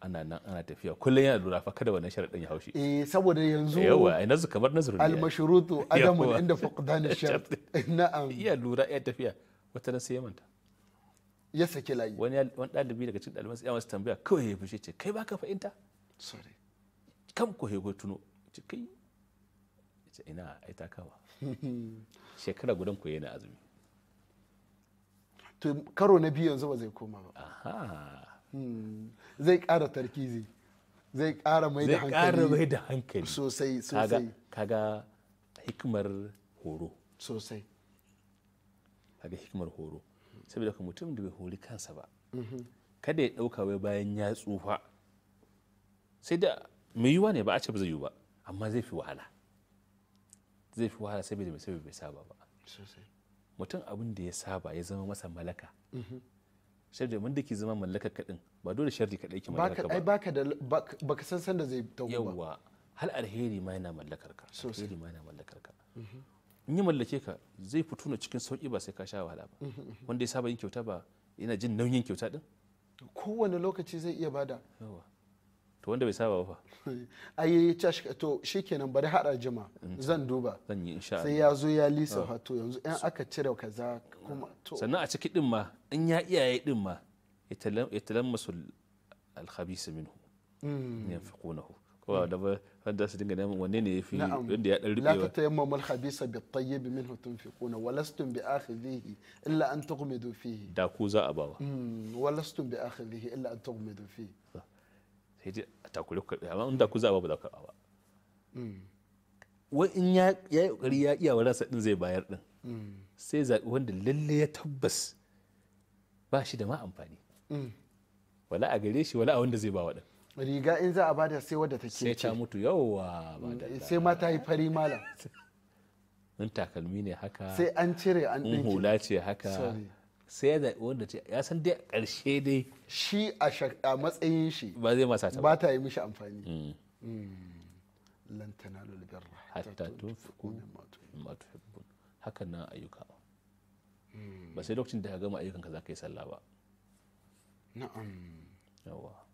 ana nan ana tafiya kullum yana lura fa kada wannan sharaɗin ya haushi eh saboda yanzu yawa ai nazu kamar nazuru al mashrutu adamu inda ash shart na'am ya lura ya tafiya wata nan sai ya manta ya saki layi wani wani dalibi daga cikin ɗaliban sai ya masa tambaya kawai ya fushe ce kai baka fahimta sorry kan ku hego tuno ce kai ce ina ai ta kawa shekara gudan ku yana azumi to karo na biyu yanzu ba zai koma ba hmm. zai kara tarkizi zai kara mai da hankali zai kara mai da hankali sosai sosai kaga hikimar horo sosai kaga hikimar horo hmm. saboda ka mutum da bai hori kansa ba mm-hmm. kada ya ɗauka wai bayan ya tsufa sai da mai yiwuwa ne ba a ce ba zai yiwu ba amma zai fi wahala zai fi wahala saboda mai bai saba ba mutum abin da ya saba ya zama masa malaka mm-hmm. sharri mun da ke zama mallaka kaɗin ba dole sharri kaɗai ke mallaka ba baka da baka san san da zai tawo ba yawwa hal alheri ma yana mallakar ka alheri ma yana mallakar ka mm-hmm. in yi mallake ka zai fito na cikin sauki ba sai ka sha wahala ba mm-hmm, wanda ya saba yin kyauta ba yana jin nauyin kyauta din kowane lokaci zai iya bada yawa to wanda bai saba ba ai ya ce to shikenan bari har jima zan duba zan yi insha sai ya zo ya lisa ah. to yanzu in aka cire kaza kuma to sannan a ciki din ma in ya iyaye din ma ya talammasu al-khabisa minhu mm. yanfiqunahu ko da ba wanda su dinga neman wanne ne yafi wanda ya dan rubewa la tatayammamu al-khabisa bit-tayyib minhu tunfiquna wa lastum bi akhidhihi illa an tughmidu fihi da ku za a bawa mm. wa lastum bi akhidhihi illa an tughmidu fihi ah. sai dai a takure ku karɓi amma inda ku zaba ba za ku karɓa ba mm. wai in ya yi ƙoƙari ya iya wa ransa ɗin zai bayar ɗin mm. sai zaɓi wanda lalle ya tabbas ba shi da ma amfani mm. wala a gare shi wala a wanda zai ba waɗin riga in za a bada sai wadda ta ce. sai ta mutu yawa sai ma ta yi fari mala in takalmi ne haka sai an cire an ɗinki in hula ce haka sai ya zaɓi wanda ce ya san dai ƙarshe dai shi a matsayin shi ba zai masa ta ba ta yi mishi amfani mm. Mm. lantana lulgar hatta tunfiku matuhibbun hakan na ayyuka mm. ba sai lokacin da ka gama ayyukanka za ka yi sallah ba na'am yawa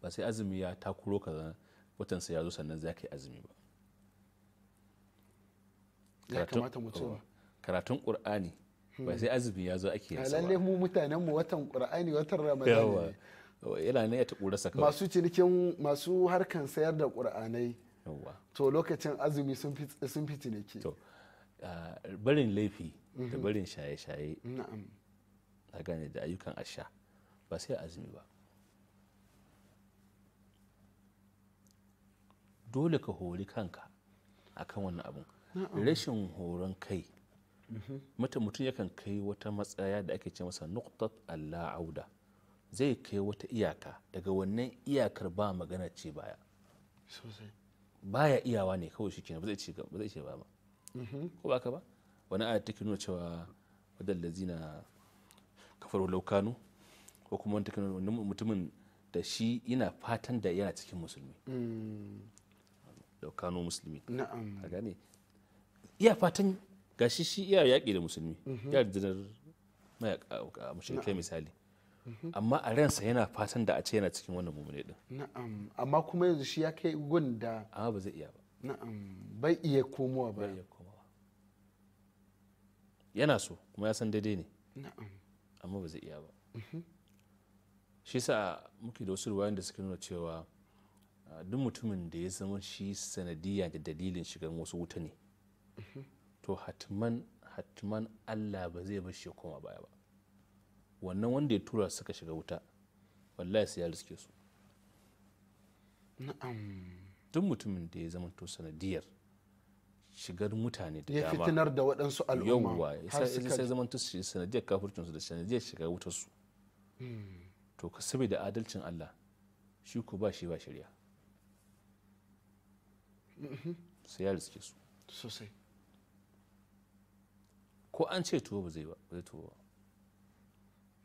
ba sai azumi ya takuro ka watansa ya zo sannan za ka yi azumi ba karatun ƙur'ani ba sai azumi ya zo ake yasa ba lalle mu mutanen mu watan qur'ani watan ramadan yana ne ya ta kura saka masu cinikin masu harkan sayar da qur'anai to lokacin azumi sun fi ciniki to barin laifi da mhm. barin shaye-shaye na'am ka gane da ayyukan asha ba sai azumi ba dole ka hori kanka akan wannan abun rashin horon kai mata mutum yakan kai wata matsaya da ake ce masa nuktat Allah auda zai kai wata iyaka daga wannan iyakar ba magana ce baya baya iyawa ne kawai shi ba zai ce ba zai ce ba ba mm-hmm. ko ba ka ba wani ayat take nuna cewa wadallazina kafaru laukanu ko kuma wani nuna mutumin da shi yana fatan da yana cikin musulmi mm. laukanu musulmi na'am ka gane iya fatan gashi shi iya yaƙi da musulmi mhm. ya rundunar mayaka mushrikai misali mhm. amma a ransa yana fatan da a ce yana cikin wannan mummune din na'am amma kuma yanzu shi ya kai gun da amma ba zai iya ba na'am bai iya komowa ba iya komowa yana so kuma ya san daidai ne na'am amma ba zai iya ba mhm. shi sa muke da wasu ruwayoyin da suke nuna cewa duk mutumin da ya zama shi sanadiyya da dalilin shigar wasu wuta ne to hatiman hatiman Allah ba zai bar shi koma baya ba wannan wanda ya tura suka shiga wuta wallahi sai ya riske su na'am duk mutumin da ya zama to sanadiyar shigar mutane da dama ya fitinar da waɗansu al'umma yawwa sai zama to sanadiyar kafircin su da sanadiyar shiga wutar su hmm. to ka saboda adalcin Allah shi ko ba shi ba shari'a mm-hmm. sai ya riske su sosai ko an ce tuwo ba zai ba zai tuwo ba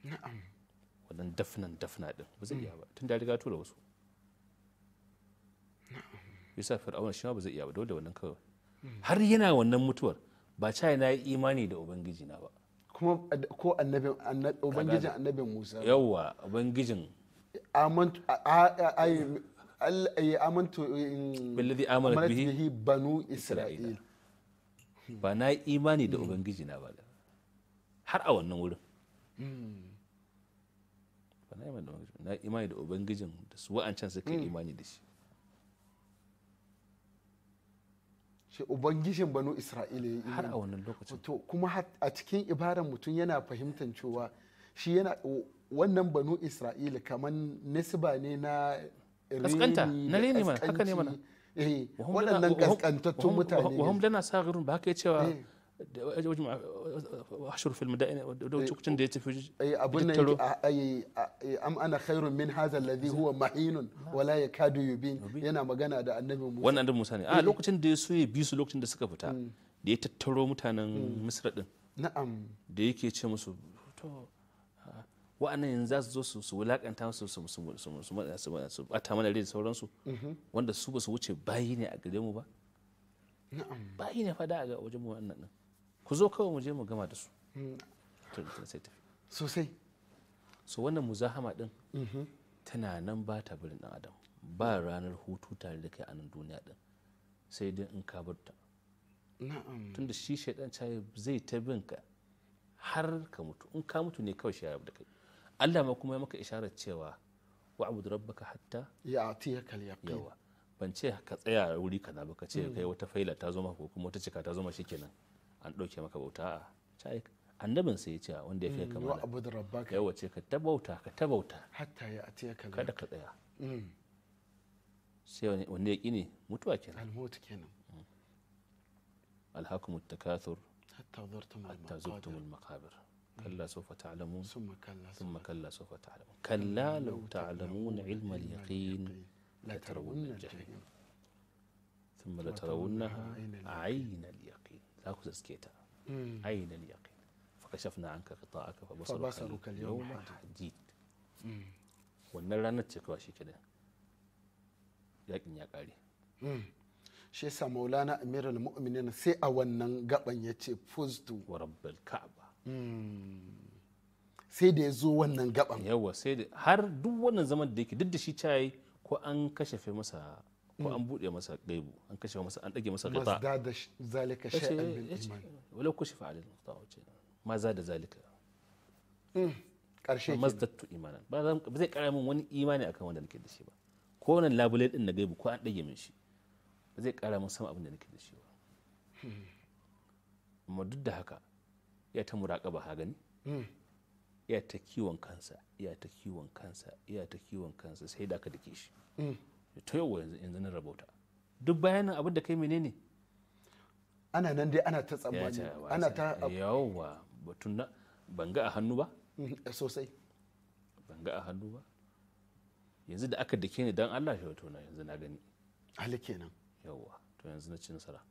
na'am wannan dafnan dafna din ba zai iya ba tun da riga tura wasu yasa fir'auna shi ma ba zai iya ba dole da wannan kawai har yana wannan mutuwar ba cha na yi imani da ubangiji na ba kuma ko annabin ubangijin annabin Musa yawa ubangijin amantu ayi amantu billadhi amanat bihi banu isra'il Mm. Mm. ba na yi imani da ubangiji na ba har a wannan wurin ba na imani da ubangiji na imani da ubangijin da su wa'ancan suka yi mm. imani da shi shi ubangijin banu isra'ila ya har a wannan lokacin to kuma a cikin ibaran mutum yana fahimtar cewa shi yana wannan banu isra'ila kamar nisba ne na reni na reni mana haka ne mana Eh, waɗannan ƙasƙantattun mutane wa hum lana saghirun ba haka cewa wajma ashur film da da cikin da ya tafi eh, eh, abin nan am ana khairun min hadha alladhi huwa mahinun wala yakadu yubin yana magana da annabi Musa wannan annabi Musa ne a lokacin da ya so ya bi su lokacin da suka fita mm. da ya tattaro mutanen mm. Misra din na'am da yake ce musu to wa'annan yanzu za su zo su wulakanta su su su su su su su ɓata mana rai da sauransu mhm. wanda su ba su wuce bayi ne a gare mu ba na'am bayi ne fada a wajen mu wannan din ku zo kawai mu je mu gama da su mm. sosai so wannan muzahama din mhm. tana nan ba ta barin dan adam ba ranar hutu tare da kai a nan duniya din sai dai in ka bar ta na'am tunda shi shaidan zai ta bin ka har ka mutu in ka mutu ne kawai shi ya rabu da kai Allah ma kuma ya maka isharar cewa wa'budu rabbaka hatta ya'tiyaka al-yaqin yawa ban ce ka tsaya wuri kaza ba ka ce hmm. kai wata faila ta zo maka kuma wata cika ta zo maka shikenan an dauke maka bauta a ta annabin sai ya ce wanda ya kai hmm, kamar wa abudu rabbaka yawa ce ka tabauta ka tabauta hatta ya'tiyaka kada ka tsaya hmm. sai wanne ya ne mutuwa kenan al-maut kenan alhakumut takathur hatta zurtumul maqabir كلا سوف تعلمون ثم كلا ثم كلا سوف تعلمون كلا لو تعلمون علم اليقين لترون الجحيم ثم لترونها عين اليقين لا كوزاسكيتا عين اليقين فكشفنا عنك غطاءك فبصرك, اليوم حديد wannan ranar ce kawai shi يا yakin ya kare shi yasa maulana amirul mu'minin sai a wannan gaban ya ce wa rabbal ka'ab Hmm. sai da ya zo wannan gaban yawa sai da har duk wannan zaman da yake duk da shi cayi ko an kashefe masa ko an buɗe masa gaibu an kashe masa an ɗage masa gata da da zalika shay'an hmm, bil iman walau kushifa alil muqta'a ma za da zalika karshe ma zadattu imanan ba zai ƙara min wani imani akan wanda nake da shi ba ko wannan labule din na gaibu ko an ɗage min shi ba zai ƙara min sama abin da nake da shi ba hmm. amma duk da haka ya ta muraƙaba ha gani hmm. ya ta kiwon kansa ya ta kiwon kansa ya ta kiwon kansa sai da aka dake shi hmm. ta yau yanzu na rabauta duk bayanin abin da kai menene ana nan dai ana ta tsammani ana ta yawa batun na ban ga a hannu ba hmm, sosai ban ga a hannu ba yanzu da aka dake ni dan Allah shi wato na yanzu na gani hali kenan yawa to yanzu na ci nasara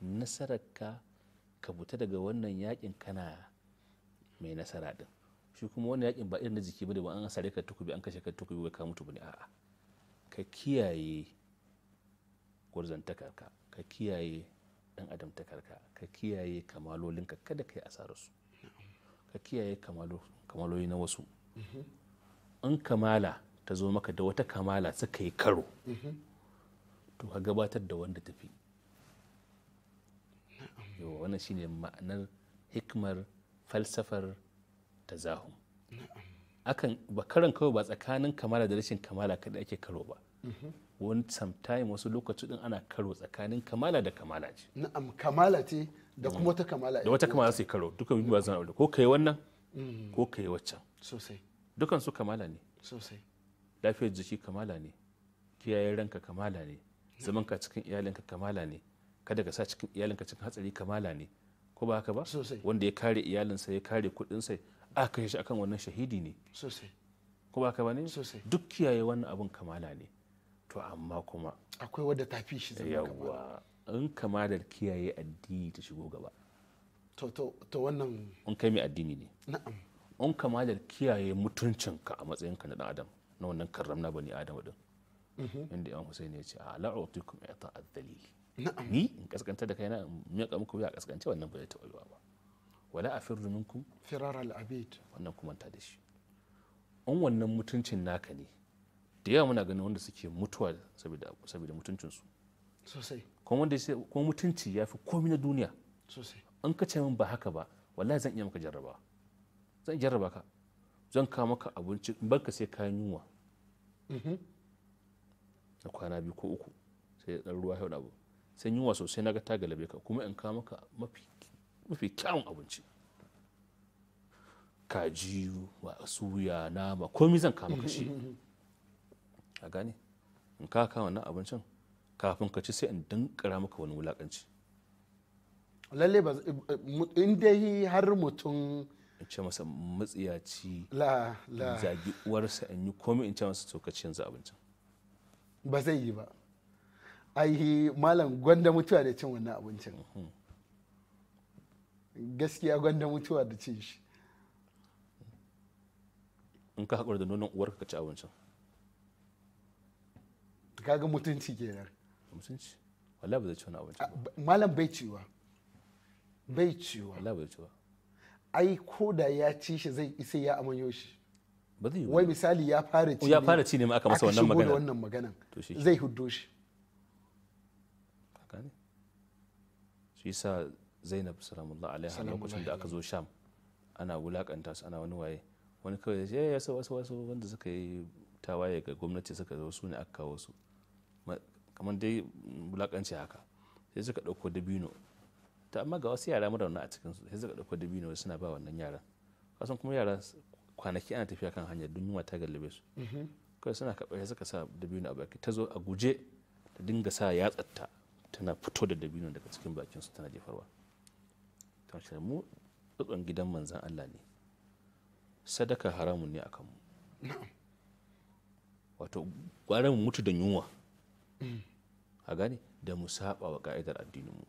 nasarar ka ka fita daga wannan yakin kana mai nasara din shi kuma wannan yakin ba irin na jiki bane ba an sare ka tukubi an kashe ka tukubi ka mutu bane a'a ka kiyaye gwarzantakarka ka kiyaye dan adamtakarka ka kiyaye kamalolinka kada ka yi asararsu ka kiyaye kamaloli na wasu in kamala ta zo maka da wata kamala suka yi karo to ka gabatar da wanda tafi yawa wannan shine ma'anar hikmar falsafar tazahum akan ba karan kawai ba tsakanin kamala da rashin kamala kada ake karo ba wani sometime wasu lokaci din ana karo tsakanin kamala da kamala ce na'am kamala ce da kuma wata kamala da wata kamala sai karo duka bi ba zan ko kai wannan ko kai waccan sosai dukan su kamala ne sosai lafiyar jiki kamala ne kiyaye ranka kamala ne zaman ka cikin iyalinka kamala ne kada ka sa cikin iyalinka cikin hatsari kamala ne ko ba haka ba wanda ya kare iyalinsa ya kare kudinsa a kashe shi akan wannan shahidi ne Sosai. ko ba haka ba ne duk kiyaye wannan abun kamala ne to amma kuma akwai wadda fi shi zama yawa in kamalar kiyaye addini ta shigo gaba to to to wannan in kai mai addini ne na'am in kamalar kiyaye mutuncinka a matsayinka na dan adam na wannan karramna bani adam din mhm. inda yan husaini ya ce a la'utukum i'ta'ad dalili ni in kaskanta da kaina in miƙa muku wuya a kaskance wannan ba zai taɓa yiwa ba wala a firru minkum firar al'abid wannan kuma ta da shi in wannan mutuncin naka ne da yawa muna ganin wanda suke mutuwa saboda mutuncinsu sosai kuma mutunci ya fi komi na duniya sosai an ka ce min ba haka ba wallahi zan iya maka jarraba zan jarraba ka zan kawo maka abinci barka sai kayan yunwa mm-hmm. na kwana biyu ko uku sai ɗan ruwa yau abu sai yunwa sosai na ga ta ka kuma in ka maka mafi kyawun abinci kaji suya nama komi zan kama ka shi a gane in ka kama na abincin kafin ka ci sai in dinkara maka wani wulakanci lalle ba in dai har mutum in ce masa matsiyaci la la zagi uwarsa in yi komi in ce masa tokacin za abincin ba zai yi ba aihi malam gwanda mutuwa da cin wannan abincin mhm. gaskiya gwanda mutuwa da cin shi in ka haƙura da nonon uwar ka ci abincin kaga mutunci ke nan mutunci wallahi ba zai ci wani abincin malam bai ciwa bai ciwa wallahi ba zai ciwa ai ko da ya ci shi zai isa ya amanyo shi wai misali ya fara ci ne ya fara ci ne ma aka masa wannan magana zai huddo shi shi sa zainab salamullahi alaiha lokacin da aka zo sham ana wulakanta su ana wani waye wani kawai ya ya eh, wasu wasu wasu wanda suka yi tawaye ga gwamnati suka zo su ne aka kawo su kamar dai wulakanci haka sai suka ɗauko dabino ta amma ga wasu yara madauna a cikinsu sai suka ɗauko dabino suna ba wannan yaran kasan kuma yara kwanaki ana tafiya kan hanyar don yunwa ta gallabe su mm-hmm. kawai suna kaɓa sai suka sa dabino a baki ta zo a guje ta dinga sa yatsatta tana fito da dabino daga cikin bakinsu tana jefarwa ta mu tsotson gidan manzan Allah ne sadaka haramun ne akan mu wato gwara mu mutu da yunwa a gane da mu saba wa ka'idar addininmu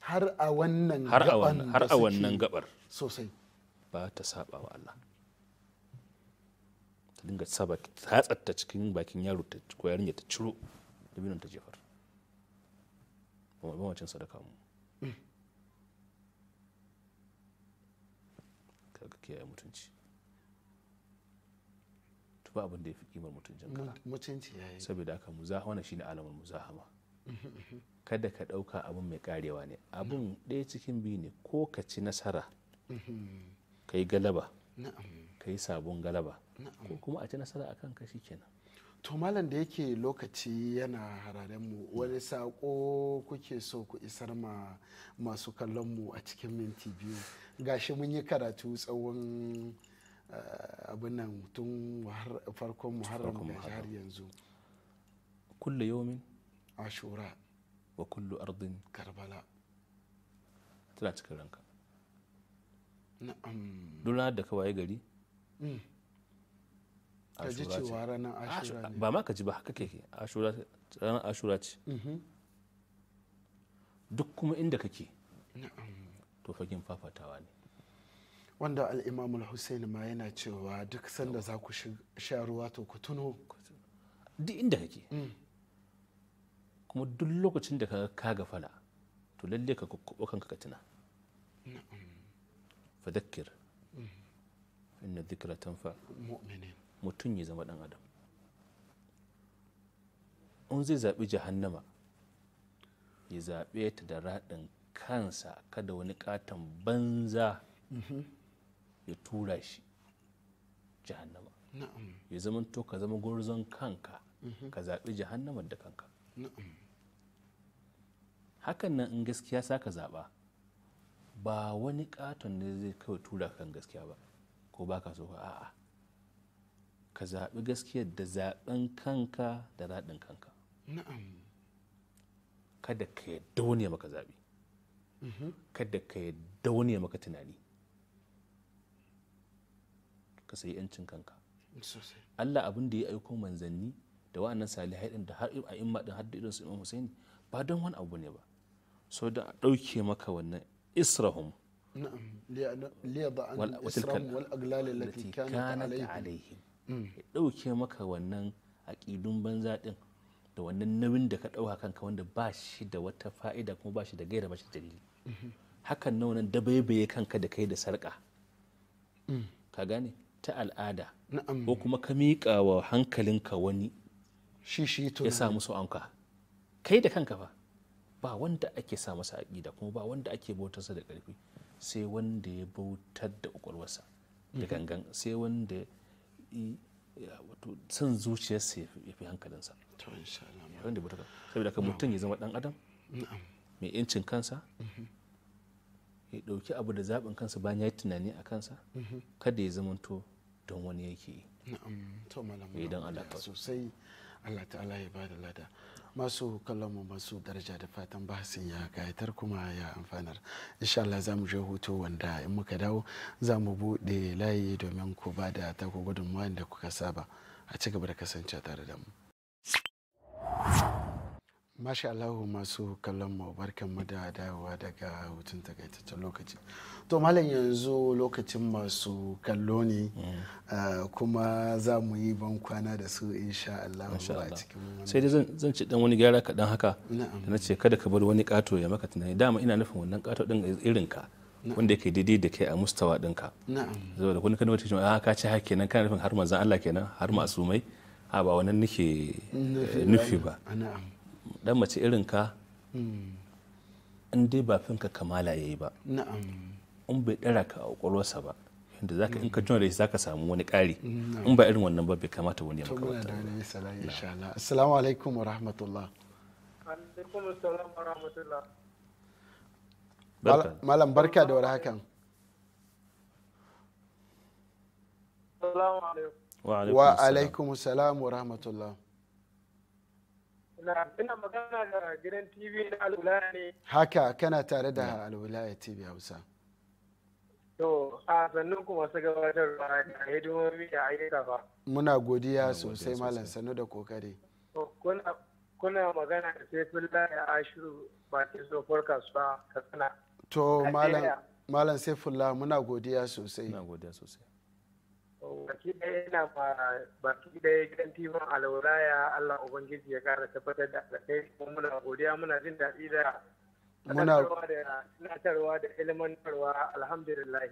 har a wannan har a wannan gabar sosai ba ta saba wa Allah ta dinga saba ta cikin bakin yaro ta ko yarinya ta ciro dabinon ta jefar mawacin sadaka mu kaga kiyaye mutunci ba abin da ya fi kimar mutum jan mutunci yayi saboda haka muzaha wannan shine alamar muzahama kada ka dauka abin mai karewa ne abin ɗaya cikin biyu ne ko ka ci nasara mm-hmm. ka yi galaba ka yi sabon galaba ko kuma a ci nasara a kan ka kenan. to malam da yake lokaci yana hararen mu wani sako kuke so ku isar ma masu kallon mu a cikin minti biyu gashi mun yi karatu tsawon eh, abin nan tun farkon muharram da har yanzu kullu yomin ashura wa kullu ardin karbala tana cikin ranka na'am duna da kawai gari mm. ka ji cewa ba ma ka ji ba haka kake ranar ashura ce mhm. duk kuma inda kake to fagen fafatawa ne wanda al'imamul hussein ma yana cewa duk sanda za ku sha ruwa to ku tuno duk inda kake mm. kuma duk lokacin da ka fala to lalle ka kuɓo kanka ka tuna fadakkir mm. inna dhikra tanfa mu'minin mutum ya zama ɗan adam in zai zaɓi jahannama ya zaɓe ta da raɗin kansa kada wani katon banza mhm. ya tura shi jahannama ya zama to ka zama gurzon kanka mhm. ka zaɓi jahannama da kanka hakan nan in gaskiya sa ka zaɓa ba wani katon ne zai kawai tura kan gaskiya ba ko ba ka so a'a ka zaɓi gaskiyar da zaɓen kanka da raɗin kanka na'am kada ka yadda wani ya maka zaɓi mm-hmm. kada ka yadda wani ya maka tunani ka sayi yancin kanka Allah abin da ya aiko manzanni da wa'annan salihai din da har a imma din har da irin su Imam Hussein ba don wani abu ne ba so da dauke maka wannan israhum na'am liyada an israhum wal aglal allati kanat Mm. ya ɗauke maka wannan aƙidun banza ɗin da wannan nauyin da ka ɗauka kanka wanda ba shi da wata fa'ida kuma ba shi da gaira ba shi dalili mm-hmm. hakan nawa na wannan dabaibaye kanka da kai da sarƙa mm. ka gane ta al'ada ko kuma ka miƙa wa hankalinka wani ya sa musu anka kai da kanka fa ba wanda ake sa masa aƙida kuma ba wanda ake bautarsa da ƙarfi sai wanda ya bautar da ƙwaƙwalwarsa da mm-hmm. gangan sai wanda wato son zuciyarsa ya fi hankalinsa saboda ka mutum ya zama dan adam mai yancin kansa mhm. ya dauki abu da zaɓin kansa bayan ya yi tunani a kansa mhm. kada ya zamanto don wani yake yi idan Allah sosai Allah ta'ala ya ba da lada masu kallonmu masu daraja da fatan bahasin ya gayatar kuma ya amfanar insha Allah za mu je hoto wanda in muka dawo za mu buɗe layi domin ku ba da tako gudunmawa da kuka saba a ci gaba da kasance tare da mu Masha Allah masu kallon mu barkan mu da dawowa daga hutun takaitaccen lokaci. To malam yanzu lokacin masu kallo ne mm. ah, kuma za mu yi ban kwana da su insha Allah a cikin Sai dai zan ci dan wani gyara kaɗan haka. Da na ce kada ka bar wani kato ya maka tunani dama ina nufin wannan ƙato ɗin irin ka. wanda yake daidai da kai a mustawa ɗinka. da wani kan wata cewa ah, ka ci haka kenan kana nufin har manzan Allah kenan har masu mai. A ah, ba wannan nake nufi eh, ba. dan mace irin ka hmm. in dai ba finka kamala ya yi ba in bai ɗara ka a ƙwaƙwalwarsa ba yadda ka in ka hmm. jona da shi ka samu wani ƙari in ba irin wannan ba bai kamata wani ya maka wata assalamu alaikum wa rahmatullah malam barka da wani hakan wa alaikum wa rahmatullah ina magana da gidan tv na alwulaya ne haka kana tare da alwulaya tv hausa to a sannu kuma su gabatar da hidimomi da ayyuka ba muna godiya sosai malam sannu da kokari kuna magana da saifulla ya ashiru ba ke tsofar kasuwa sana to malam saifulla muna godiya sosai muna godiya sosai baki ɗaya yana ba baki ɗaya gidan tifon alauraya Allah Ubangiji ya kara tabbatar da kai kuma muna godiya muna jin daɗi da tunatarwa da ilmantarwa alhamdulillah.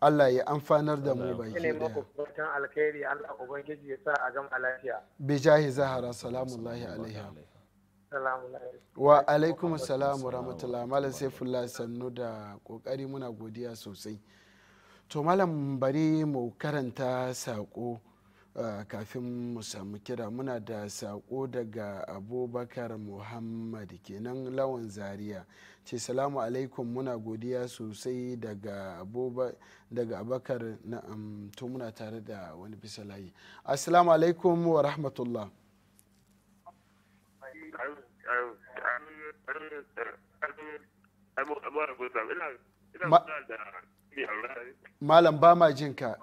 Allah ya amfanar da mu baki ɗaya. Ina muku fatan alkhairi Allah Ubangiji ya sa a gama lafiya. jahi Zahara salamullahi alaihi wa alaikum salam wa rahmatullah malam fulla sannu da kokari muna godiya sosai to malam bari mu karanta saƙo eh, kafin mu samu kira muna da saƙo daga abubakar muhammad kenan lawan zaria ce salamu alaikum muna godiya sosai daga abubakar na to muna tare da wani bisa layi assalamu alaikum wa rahmatullah malam ba ma jin ka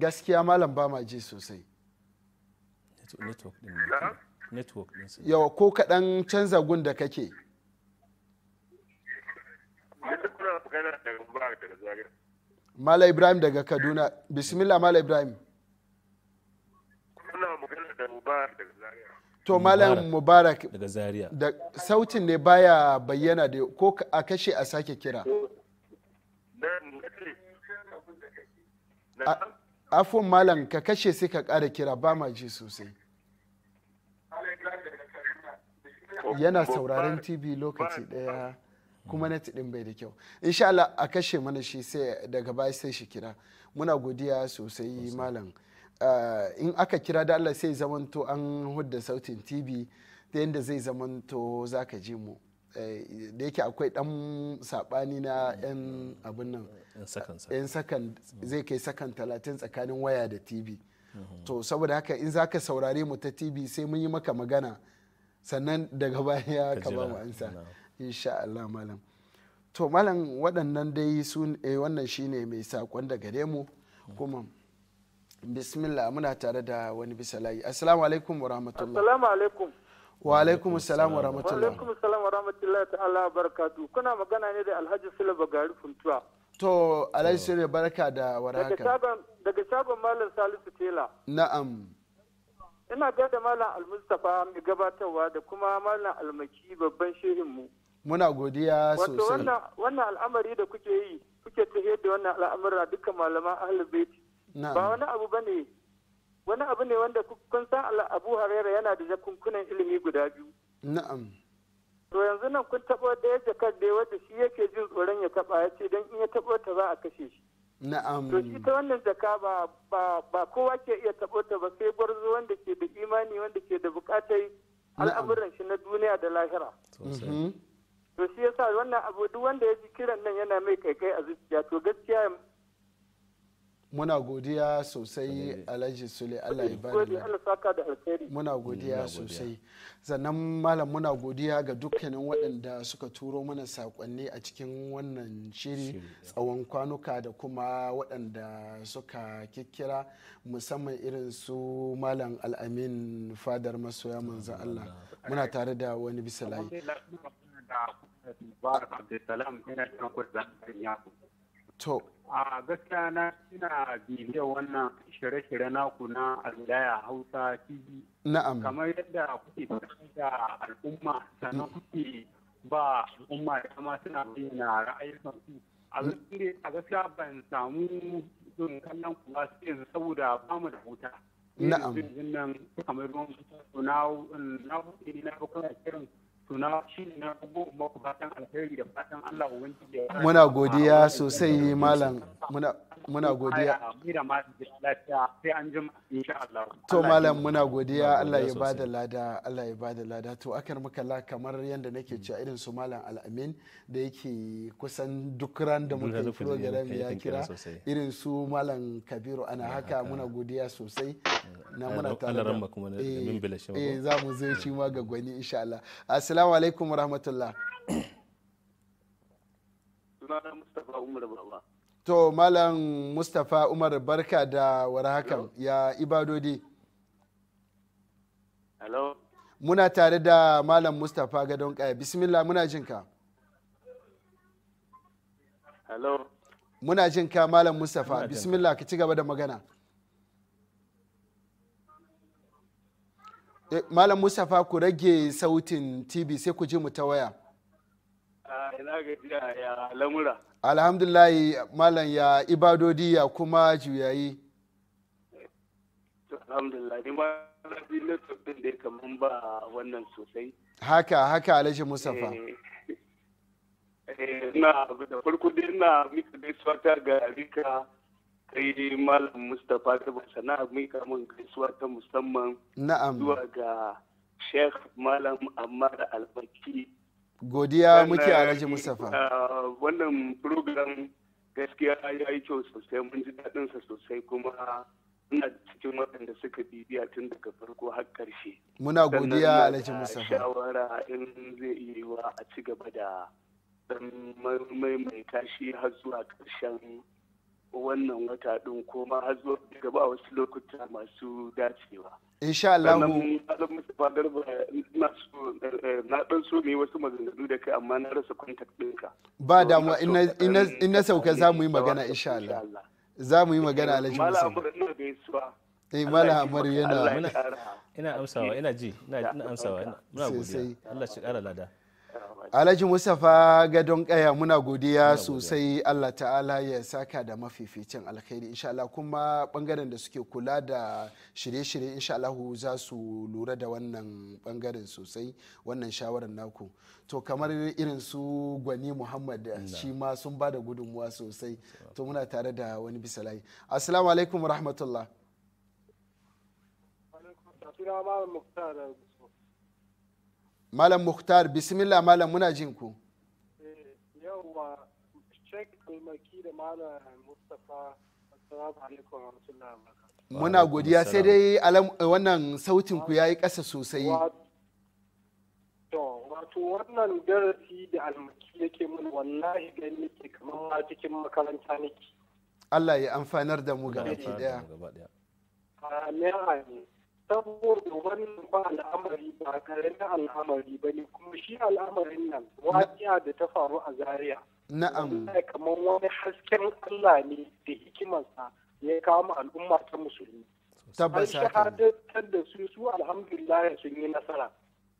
gaskiya malam ba ma ji sosai network din yawa ko kaɗan canza gun da kake mala ibrahim daga kaduna bismillah mala ibrahim to malam mubarak daga zaria da sautin ne baya bayyana da ko a kashe a sake kira afon malam ka kashe sai ka ƙara kira ba ma ji sosai yana sauraron tv lokaci daya kuma na ɗin bai da kyau insha'Allah a kashe mana shi sai daga baya sai shi kira muna godiya sosai malam Eh, in aka kira da Allah sai zamanto an hudda sautin tv da yadda zai zamanto za ka ji mu eh, da yake akwai dan sabani na yan abin nan yan sakan mm. zai kai sakan talatin tsakanin waya da tv mm-hmm. to saboda haka in za ka saurare mu ta tv sai mun yi maka magana sannan daga baya ka ba mu ansa insha Allah malam to malam waɗannan dai su eh, wannan shine mai sakon daga gare mu mm. kuma bismillah muna tare da wani bisa layi assalamu alaikum wa rahmatullah assalamu alaikum wa alaikum assalam wa rahmatullah wa alaikum assalam wa rahmatullah ta'ala barakatu kuna magana ne da alhaji sule bagari funtuwa to alhaji sule barka da warhaka daga shagon malam salisu tela na'am ina da malam almustafa mai gabatarwa da kuma malam almaki babban mu. muna godiya sosai wato wannan al'amari da kuke yi kuke tafiyar da wannan al'amura dukkan malaman ahlul ba wani abu ba ne wani abu ne wanda kun san abu harera yana da jakunkunan ilimi guda biyu na'am to yanzu nan kun taɓa ɗaya jakar da wanda shi yake jin tsoron ya taɓa ya ce don in ya taɓa ta za a kashe shi na'am to shi ta wannan jaka ba ba kowa ke iya taɓa ta ba sai gwarzo wanda ke da imani wanda ke da buƙatai al'amuran shi na duniya da lahira mhm. to shi yasa wannan abu duk wanda ya ji kiran nan yana mai kaikai a zuciya to gaskiya muna godiya sosai alhaji sule allah ya bani mm, muna godiya sosai zannan malam muna godiya ga dukkanin waɗanda suka turo mana saƙonni a cikin wannan shiri tsawon kwanuka da kuma waɗanda suka kikkira musamman irin su malam al'amin fadar masoya manzan allah muna tare da wani bisa layi to a gaskiya na ina bibiyar wannan shirye-shirye naku na alwilaya hausa tv na'am kamar yadda kuke da al'umma sannan kuke ba al'umma da kama suna bayyana ra'ayoyinsu a gaskiya ban samu zuwan kallon kuma yanzu saboda ba mu da wuta na'am kamar ruwan na na kiran suna shi ne na abubuwan maku fatan alheri da fatan Allah muna godiya sosai malam muna muna godiya to malam muna godiya Allah ya bada lada Allah ya bada lada to akar makala kamar yanda nake cewa irin su malam al'amin da yake kusan duk ran da muka yi program ya kira irin su malam kabiru ana haka muna godiya sosai na muna tare da eh, eh za mu zai shi ma ga gwani insha Allah assalamu alaikum wa rahmatullah to malam mustapha umar barka da warhakan ya ibadodi hello muna tare da malam mustapha gadon kaya bismillah muna jinka hello muna jinka malam mustapha bismillah ka ci gaba da magana Eh, malam mustapha ku rage sautin tv sai ku ji mu ta waya alhamdulahi malam ya ibadodi ya kuma juyayi haka haka alhaji mustapha eh, eh, na da farko dai na mika dai ta ga rika kai malam mustapha gaban na mika kamun gaisuwa ta musamman zuwa ga sheikh malam ammar albaki godiya muke a alhaji mustapha wannan program gaskiya ya yi kyau sosai mun ji daɗinsa sosai kuma ina cikin waɗanda suka bibiya tun daga farko har ƙarshe muna godiya a alhaji mustapha shawara in zai iya yiwa a ci gaba da dan maimaita shi har zuwa ƙarshen wannan wata ɗin ko ma har zuwa gaba wasu lokuta masu dacewa. Insha Allah. Sannan Malam eh, na ɗan so ne wasu maganganu da kai amma na rasa kwantar ɗinka. Ba damuwa in na sauka za mu yi magana insha Allah. Za mu yi magana Alhaji Musa. Eh, Malam Amur yana. Ina amsawa ina ji ina amsawa ina godiya. Allah shi ƙara lada. alhaji musafa gadon kaya muna godiya sosai allah ta'ala ya saka da mafificin alkhairi insha Allah kuma bangaren da suke kula da shirye-shirye insha Allah za su lura da wannan bangaren sosai wannan shawarar naku to kamar irin su gwani muhammad shi ma sun ba da gudunmuwa sosai to muna tare da wani bisa layi assalamu alaikum rahmatullah malam muhtar bismillah malam muna jin ku eh, yawwa shek da malam mustapha assalamu alaikum muna godiya sai dai eh, wannan sautin ku yayi kasa sosai wato wannan darasi da almaki yake mun wallahi gani nake kamar ma cikin makaranta nake Allah ya amfanar da mu gaba daya amin saboda wannan ba al'amari ba karen al'amari ba ne kuma shi al'amarin nan waƙiya da ta faru a zaria na'am kamar wani hasken allah ne da hikimarsa ya kama al'umma ta musulmi tabbas an shahadatar da su su alhamdulillah sun yi nasara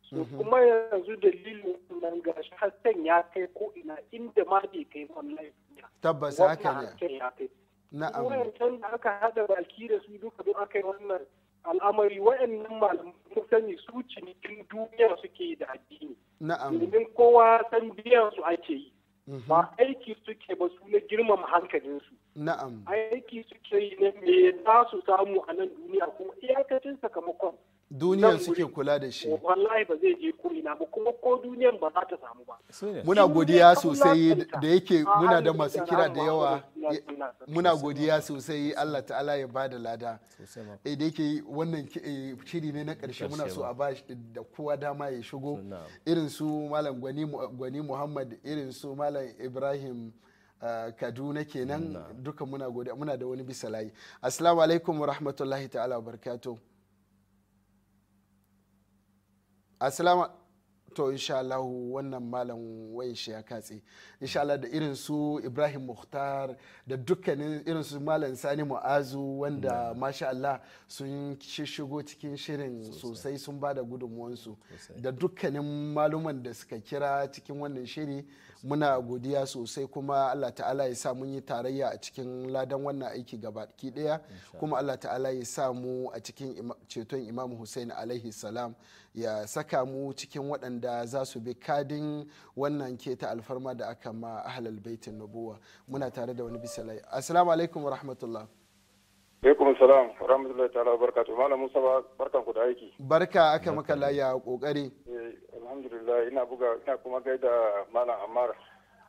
su mhm. kuma yanzu dalilin nan ga hasken ya kai ko ina inda ma bai kai wallahi tabbas haka ne na'am wannan da aka hada baki da su duka don aka yi wannan al'amari wa'annan malamai sun sani su cinikin duniya suke da addini domin kowa san biyan su ake yi mhm. ba aiki suke ba su na girmama hankalinsu aiki suke yi ne me za su samu a nan duniya kuma iyakacin sakamakon duniyan suke kula da shi wallahi ba zai je ko ina ba kuma ko duniyan ba za ta samu ba muna godiya sosai da yake ah, muna da masu kira da yawa muna godiya sosai Allah ta'ala ya bada lada eh da yake wannan eh, shiri ne na karshe muna so a ba da kowa dama ya shigo irin su malam gwani Muhammad irin su malam Ibrahim ah, kaduna kenan duka muna godiya muna da wani bisa layi assalamu alaikum wa ta'ala wa asalama to insha Allah wannan malam wayan shi ya katse insha Allah da irin su Ibrahim muhtar da dukkanin irin su malam Sani Mu'azu wanda masha Allah sun shigo cikin shirin sosai sun bada gudunmuwansu da dukkanin maluman da suka kira cikin wannan shiri muna godiya sosai kuma allah ta'ala ya sa mun yi tarayya a cikin ladan wannan aiki gaba ki daya kuma allah ta'ala ya sa mu a cikin ceton imam hussain alaihi salam ya saka mu cikin waɗanda za su bi kadin wannan keta alfarma da aka ma ahlal baitin nubuwa muna tare da wani bisalai assalamu alaikum wa rahmatullah Alaikum salam rahmatullahi ta'ala barakatuh malam Musa barkan ku da aiki. Barka aka maka laya kokari. Eh, alhamdulillah ina buga ina kuma gaida malam Ammar.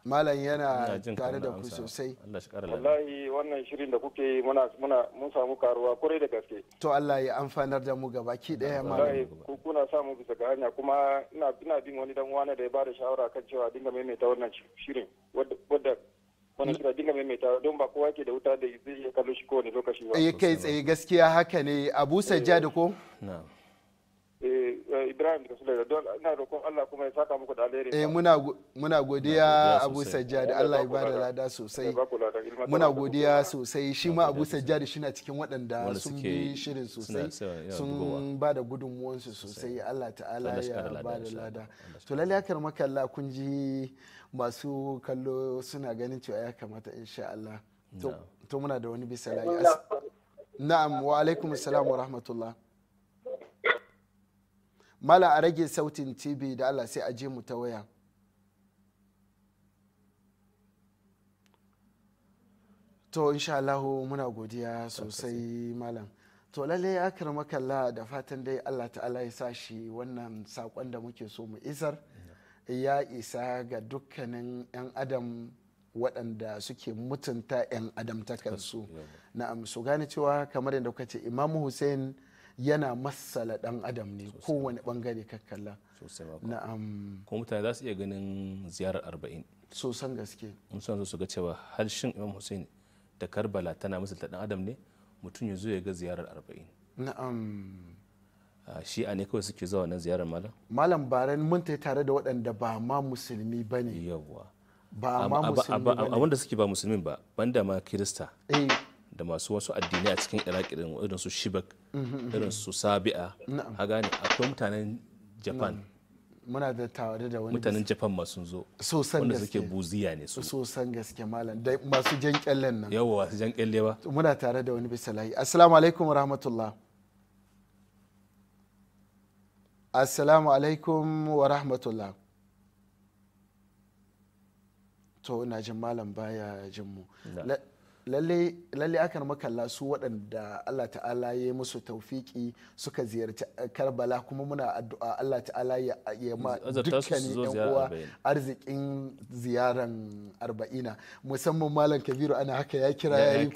Malam yana tare da ku sosai. Wallahi wannan shirin da kuke muna muna mun samu karuwa kurai da gaske. To Allah ya amfanar da mu gabaki daya malam. Wallahi ku kuna samu bisa ga hanya kuma ina ina bin wani dan wani da ya bada shawara kan cewa dinga maimaita wannan shirin wadda wannan kira dinga maimaita don ba kowa ke da wuta da zai iya kallo shi ko wani lokaci ba. Eh, kai tsaye gaskiya haka ne abu sajjad eh, ko. Eh, Ibrahim da Sulaida don ina roƙon Allah kuma ya saka muku da alheri. Eh muna godiya Abu Sajjad Allah ya bada lada sosai. Muna godiya sosai shi ma Abu Sajjad shi cikin waɗanda sun bi shirin sosai sun ba da gudunmuwansu sosai Allah ta'ala ya bada lada. To lalle Allah kun ji masu kallo suna ganin cewa ya kamata insha Allah to muna da wani bisa layi na'am wa alaikum salam wa rahmatullah mala a rage sautin tv da Allah sai a je mu ta waya to insha Allah muna godiya sosai malam to lalle ya karmakalla da fatan dai Allah ta'ala ya sa shi wannan sakon da muke so mu isar ya isa ga dukkanin 'yan adam waɗanda suke mutunta 'yan kansu na'am su gane cewa kamar yadda kuka ce imamu hussein yana matsala ɗan adam ne kowane ɓangare kakkalla na'am kuma mutane za su iya ganin ziyarar arba'in sosan gaske musamman su ga cewa harshen imam hussein da karbala tana misalta ɗan adam ne mutum ya zo ya ga ziyarar arba'in na'am Ah, shi'a ne kawai suke zuwa na ziyarar malam malam baran mun tai tare da waɗanda ba ma musulmi ba ne yawwa ba ma musulmi ba ne wanda suke ba musulmin ba banda ma kirista eh. da masu wasu addinai a cikin iraki irin su shibak mm-hmm, mm-hmm. irin su sabi'a a gane akwai mutanen japan muna da tare da wani mutanen japan masu zo sosan wanda suke buziya ne su sosan gaske malam da masu jan kyallen nan yawwa masu jan kyalle ba muna tare da wani bisalahi assalamu alaikum rahmatullah assalamu alaikum wa rahmatullah to ina jin malam baya jin mu lalle akan makalla su waɗanda Allah ta'ala ya yi musu taufiki suka ziyarci eh, karbala kuma muna addu'a Allah ta'ala ya ma dukkanin yan uwa arzikin ziyaran arba'ina musamman malam kabiru ana haka ya kira ya yi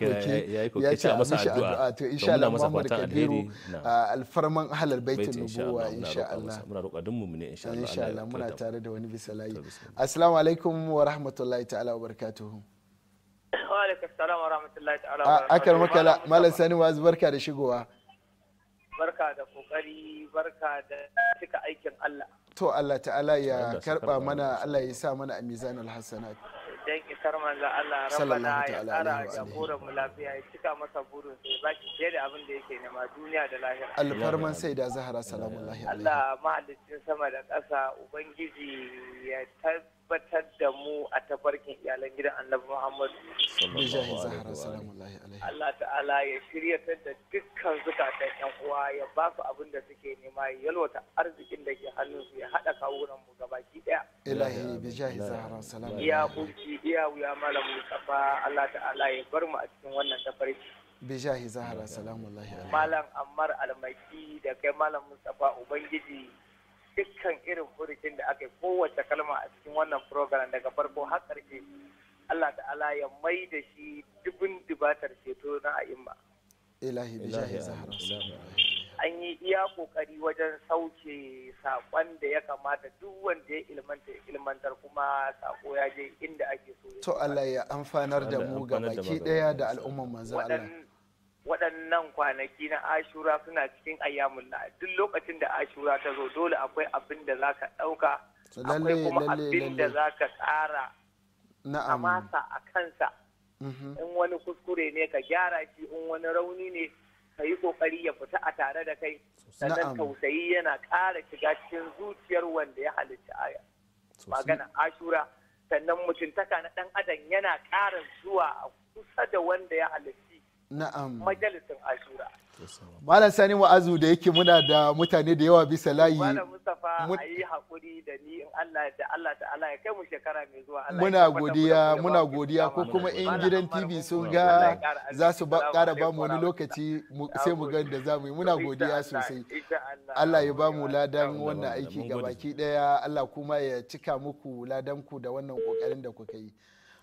koke ya ci a mishi addu'a to insha Allah Muhammad kabiru ah, alfarman halar baitin nubuwa insha Allah muna roƙa dun ne insha Allah muna tare da wani bisalayi layi assalamu alaikum wa rahmatullahi ta'ala wa barakatuhu akar maka malam sani wazi barka da shigowa barka da kokari barka da cika aikin Allah to Allah ta'ala ya karba mana Allah ya sa mana a mizan alhassana. dan isar manzo Allah rabbana ya tsara jagoran mu lafiya ya cika masa burin sai baki fiye da abin da yake nema duniya da lahira alfarman sai da zahara salamu alaihi Allah mahalicin sama da ƙasa ubangiji ya tabbata tabbatar da mu a tafarkin iyalan gidan annabi Muhammad Allah ta'ala ya shirya ta da dukkan zukatan yan uwa ya ba su abin da suke nema ya yalwata arzikin da ke hannunsu ya haɗa kawunan mu ki ɗaya. Ilahi bi jahi zahara salam. Ya kunci iya wuya malamu kafa Allah ta'ala ya bar mu a cikin wannan tafarki. Bijahi Zahara salamu Malam Ammar Almaki da kai Malam Mustapha Ubangiji dukkan irin hurikin da aka yi kowace kalma a cikin wannan program daga farko har ƙarshe Allah ta'ala ya mai da shi dubin dubatar ceto na a'imma. Ilahi zahara. An yi iya kokari wajen sauke saƙon da ya kamata duk wanda ya ilmanta ilmantar kuma saƙo ya je inda ake so. To Allah ya amfanar da mu ga baki ɗaya da al'umman manzo Allah. waɗannan kwanaki na ashura suna cikin ayyamulla duk lokacin da ashura ta zo dole akwai abin da za ka ɗauka akwai kuma abin da za ka tsara a masa a kansa mm-hmm. in wani kuskure ne ka gyara shi in wani rauni ne ka yi kokari ya fita a tare da kai sannan tausayi yana ƙara shiga cikin zuciyar wanda ya halitta aya magana ashura sannan mutuntaka na ɗan adam yana ƙara zuwa a kusa da wanda ya halitta. na'am malam sani wa'azu da yake muna da mutane da yawa bisa layi malam mustafa yi hakuri da ni in Allah da Allah ta Allah ya kai mu shekara mai zuwa Allah muna godiya muna godiya ko kuma in gidan TV sun ga za su kara ba mu wani lokaci sai mu gan da zamu yi muna godiya sosai Allah ya ba mu ladan wannan aiki gabaki daya Allah kuma ya cika muku ladan ku da wannan kokarin da kuka yi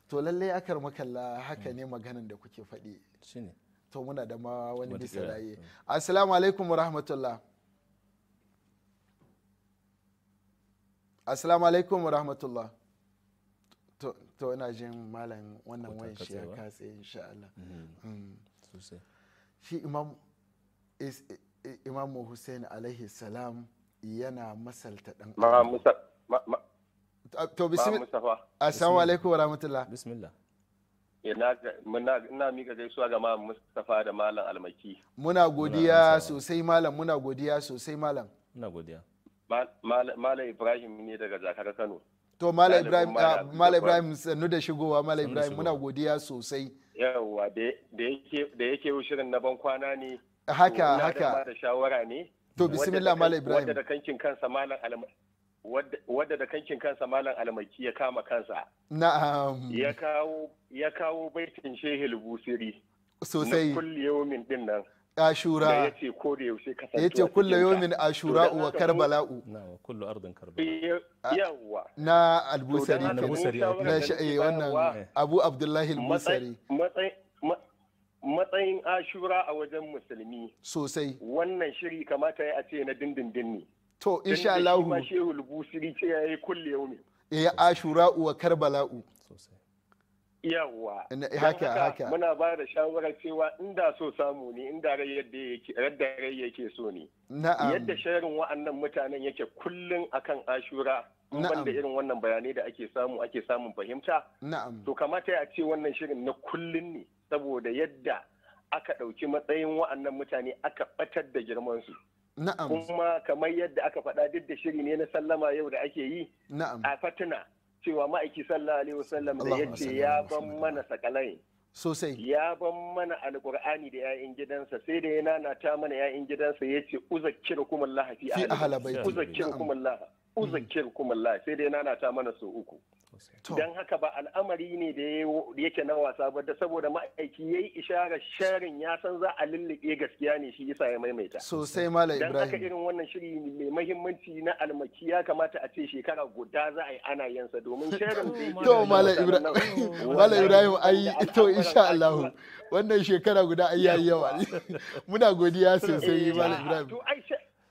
to lallai akar makalla haka hmm. ne maganan da kuke faɗi to muna da ma wani bisa raye eh. assalamu alaikum wa rahmatullah assalamu alaikum wa rahmatullah to ina jin malam wannan wayan shi ya katse insha Allah hmm. Hmm. shi imam imam Hussein alaihi salam yana masalta dan to bismillah assalamu alaikum wa rahmatullah bismillah eh, ina mika gaisuwa ga malam Mustapha da malam Almaki muna godiya sosai malam muna godiya sosai malam muna godiya malam Ibrahim ne daga Zakar Kano to malam Ibrahim ah, malam Ibrahim sannu da shigowa malam Ibrahim muna godiya sosai yawa da yake da yake shirin na ban kwana ne haka haka da shawara ne to bismillah malam Ibrahim wanda da kankin kansa malam wadda da kankin kansa malam almaki ya kama kansa na'am ya kawo ya kawo baitin shehil busiri sosai na kulli yawmin din nan ashura da yace ko da yaushe kasance yace kullu yawmin ashura wa karbala'u na'am kullu ardin karbala yawa na albusari na sha'i eh, wannan abu abdullahi albusari matsayin ashura a wajen musulmi sosai wannan shiri kamata ya ce na dindindin ne to insha Allah kuma shehu busiri ce yayi kullu yaumin eh ashura wa karbala'u yawwa eh, haka haka muna ba da shawarar cewa inda so samu ne inda rai yadda yake rai yake so ne na'am yadda sharin wa'annan mutanen yake kullun akan ashura ban da irin wannan bayanai da ake samu ake samun fahimta na'am to kamata ya ce wannan shirin na kullun ne saboda yadda aka ɗauki matsayin wa'annan mutane aka ɓatar da girmansu. su Na'am. Kuma kamar yadda aka faɗa duk da shiri ne na sallama yau da ake yi. Na'am. A fatina cewa ma'aiki sallallahu alaihi wasallam da yace ya ban mana sakalai. Sosai. Ya ban mana alkur'ani da ya'yan gidansa sai da ya nanata mana ya'yan gidansa yace ce Allah fi Fi ahli baiti. kuma lahafi. uzakir kuma Allah sai dai nanata mana sau uku don haka ba al'amari ne da yake na wasa ba da saboda ma'aiki ya yi isharar sharin ya san za a lullube gaskiya ne shi isa ya maimaita sosai malam ibrahim don haka irin wannan shiri mai mahimmanci na almaki ya kamata a ce shekara guda za a yi ana yansa domin sharin to malam ibrahim Malam ibrahim ai to insha Allah wannan shekara guda ai yayi yawa muna godiya sosai eh, Malam ibrahim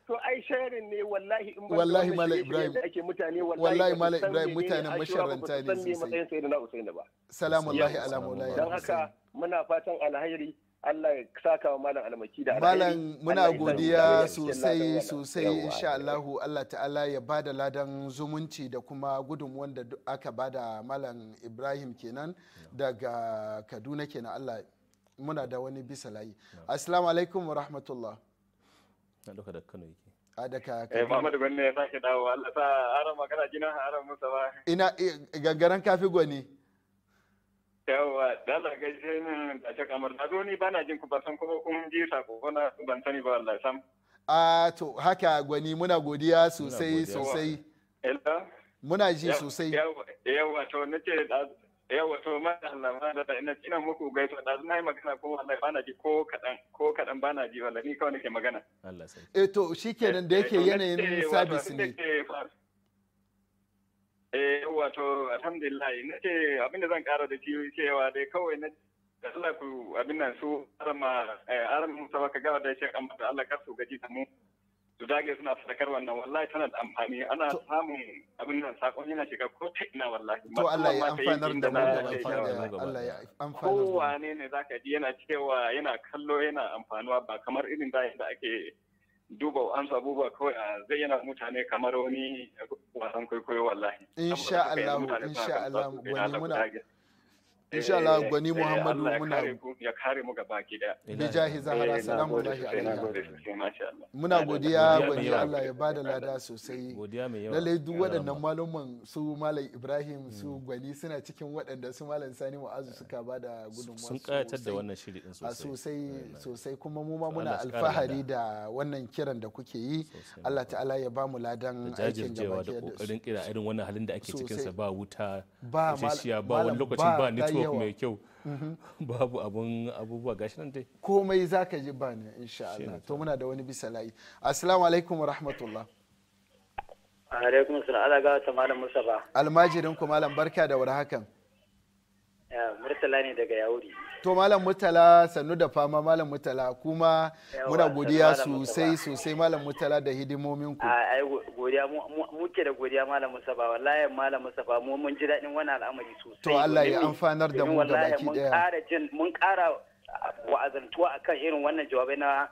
to ai sharing ne wallahi in ba wallahi malai ibrahim ake mutane wallahi malai ibrahim mutane masharanta ne sosai san matsayin sayyidina usaini ba salamu alaihi ala maulaya dan haka muna fatan alhairi Allah ya saka wa malam almaki da malam muna godiya sosai sosai insha Allah Allah ta'ala ya bada ladan zumunci da kuma gudun wanda aka bada malam Ibrahim kenan daga Kaduna kenan Allah muna da wani bisa layi assalamu alaikum wa rahmatullah na duka da kano yake a eh, da ka kai ba Muhammadu Gwani ya sake dawo Allah sa haram magana jina haram musa ba ina eh, gangaren kafi gwani yawa dala gaishe ni a ce kamar da zo ni bana jin ku ba san kuma kun ji sa ko na ban sani ba wallahi sam a to haka gwani muna godiya sosai sosai muna ji sosai yawa to nace yawa to madalla madalla ina ina muku gaisuwa da na nayi magana ko wallahi bana ji ko kadan ko kadan bana ji wallahi ni kawai nake magana Allah sai eh to shikenan da yake eh, yanayin service ne eh wato eh, alhamdulillah abin abinda zan kara da shi cewa dai kawai na Allah ku abin nan su arma eh, arma musabaka ga da shi amma Allah kar su gaji da mu zage suna sadakar wannan wallahi tana da amfani ana samun abin nan sakon yana shiga ko ta ina wallahi to Allah ya amfanar da mu da Allah ya amfanar da wane ne zaka ji yana cewa yana kallo yana amfanuwa ba kamar irin da yadda ake duba an sabu ba kawai a yana mutane kamar wani wasan kwaikwayo wallahi insha Allah insha Allah wani muna insha Allah eh, gwani Muhammadu muna ya kare mu gaba gida bi jahi zahara salamu alaihi muna godiya gwani Allah ya bada lada sosai lalle duk waɗannan malaman su malam Ibrahim su hmm. gwani suna cikin waɗanda su malam Sani Mu'azu eh. suka bada gudunmawa sun kayatar da wannan shiri din sosai eh, sosai kuma mu ma muna alfahari da wannan kiran da kuke yi Allah ta'ala ya mu ladan aikin gaba da kokarin kira irin wannan halin da ake cikin sa ba wuta ba ba wani lokacin ba network network mai kyau mhm. babu abun abubuwa gashi nan dai komai zaka ji ba ne insha Allah to muna da wani bisa layi assalamu alaikum wa rahmatullah alaikum ala ga ta malam Musa ba almajirin ku malam barka da hakan. murtala ne daga yauri to malam mutala sannu da fama malam mutala kuma muna godiya sosai sosai malam mutala da hidimomin ku ai godiya muke da godiya malam musafa wallahi malam ba mu mun ji dadin wannan al'amari sosai to Allah ya amfanar da mu da baki daya mun ƙara jin mun kara wa'azantuwa akan irin wannan jawabai na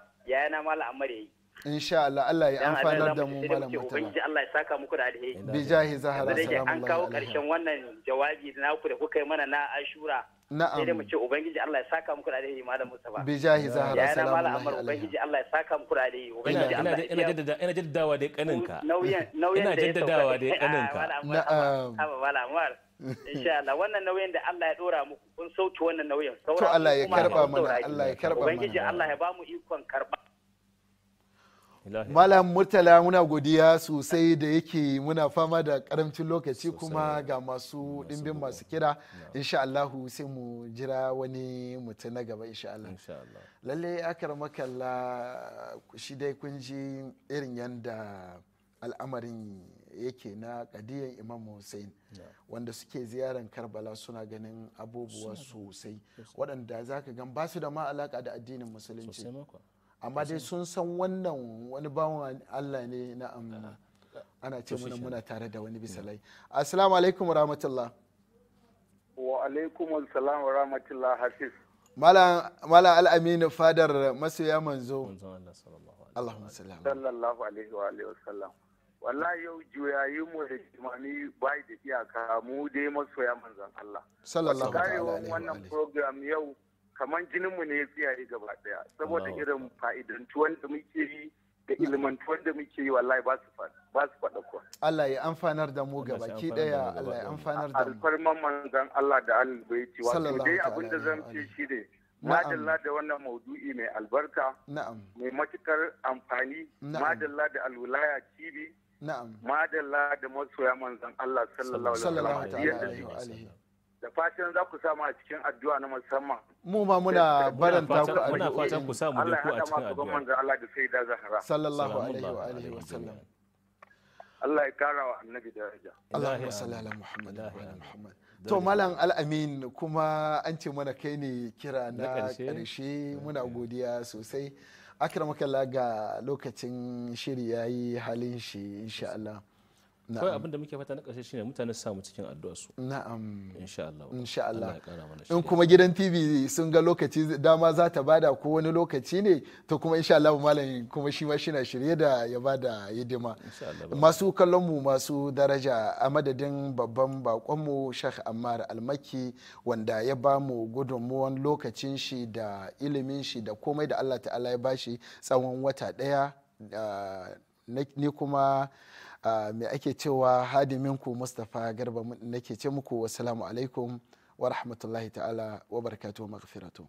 na malam amare insha Allah Allah ya amfanar da mu malam mutala ubangiji Allah ya saka muku da alheri bi jahi zahara salamu an kawo karshen wannan jawabi na ku da kuka yi mana na ashura na'am sai dai mu ce ubangiji Allah ya saka muku da alheri malam ba. bi jahi zahara salamu alaihi Ya malam ubangiji Allah ya saka muku da yi. ubangiji Allah ina ina jaddada ina jaddadawa dai kaninka nauyin nauyin da ya jaddadawa dai kaninka na'am malam Umar insha Allah wannan nauyin da Allah ya dora muku kun sauki wannan nauyin to Allah ya karba mana Allah ya karba mana ubangiji Allah ya ba mu ikon karba malam murtala muna godiya sosai da yake muna fama da karamcin lokaci kuma ga masu dimbin masu kira insha Allahu sai mu jira wani mutum na gaba insha Allah lalle akar makalla shi dai kun ji irin yanda al'amarin yake na kadiyan imam hussein wanda suke ziyarar karbala suna ganin abubuwa sosai waɗanda za ka gan ba su da ma alaka da addinin musulunci amma dai sun san wannan wani bawan Allah ne na amina ana ce muna muna tare da wani bisalai assalamu alaikum wa rahmatullah wa alaikum assalam wa rahmatullah hafiz mala al'aminu fadar masoya manzo Allahumma salli sallallahu alaihi wa alihi wa wallahi yau juyayin mu da jimani bai da iyaka mu dai masoya manzon Allah sallallahu alaihi wa alihi wannan program yau kamar jininmu ne ya tsiyaye gaba daya saboda irin fa'idantuwan da muke yi da ilmantuwan da muke yi wallahi ba su ba su faɗa kuwa. Allah ya amfanar da mu gaba ki daya Allah ya amfanar da mu. Alfarman manzan Allah da Al-Baiti wato dai abin da zan ce shi ne madalla da wannan maudu'i mai albarka na'am mai matukar amfani madalla da alwilaya TV na'am madalla da masoya manzan Allah sallallahu alaihi wa sallam da fatan za ku samu a cikin addu'a na musamman. Mu ma muna eh, baranta ku addu'a. Muna fatan ku samu da ku a cikin addu'a. Allah ya Allah da sai da Zahra. Sallallahu alaihi wa alihi wa sallam. Allah ya kara wa annabi daraja. Allahumma salli ala Muhammad wa ala Muhammad. To Malam Al-Amin kuma an ce mana kai ne kira na ƙarshe muna godiya sosai. Akramaka ga lokacin shiri yayi halin shi insha Allah. kawai abin da muke fata na ƙarshe shine mutane samu cikin addu'a su na'am insha Allah in kuma gidan TV sun ga lokaci dama za ta bada ko wani lokaci ne to kuma insha Allah malam kuma shi ma shina shirye da ya bada hidima masu kallon mu masu daraja a madadin babban bakon mu Sheikh Ammar Almaki wanda ya ba mu gudunmuwan lokacin shi da ilimin shi da komai da Allah ta'ala ya bashi tsawon wata daya ah, ni kuma me ake cewa hadiminku mustapha garba nake ce muku wasu alaikum wa rahmatullahi ta'ala wa barakatuhu maghfiratu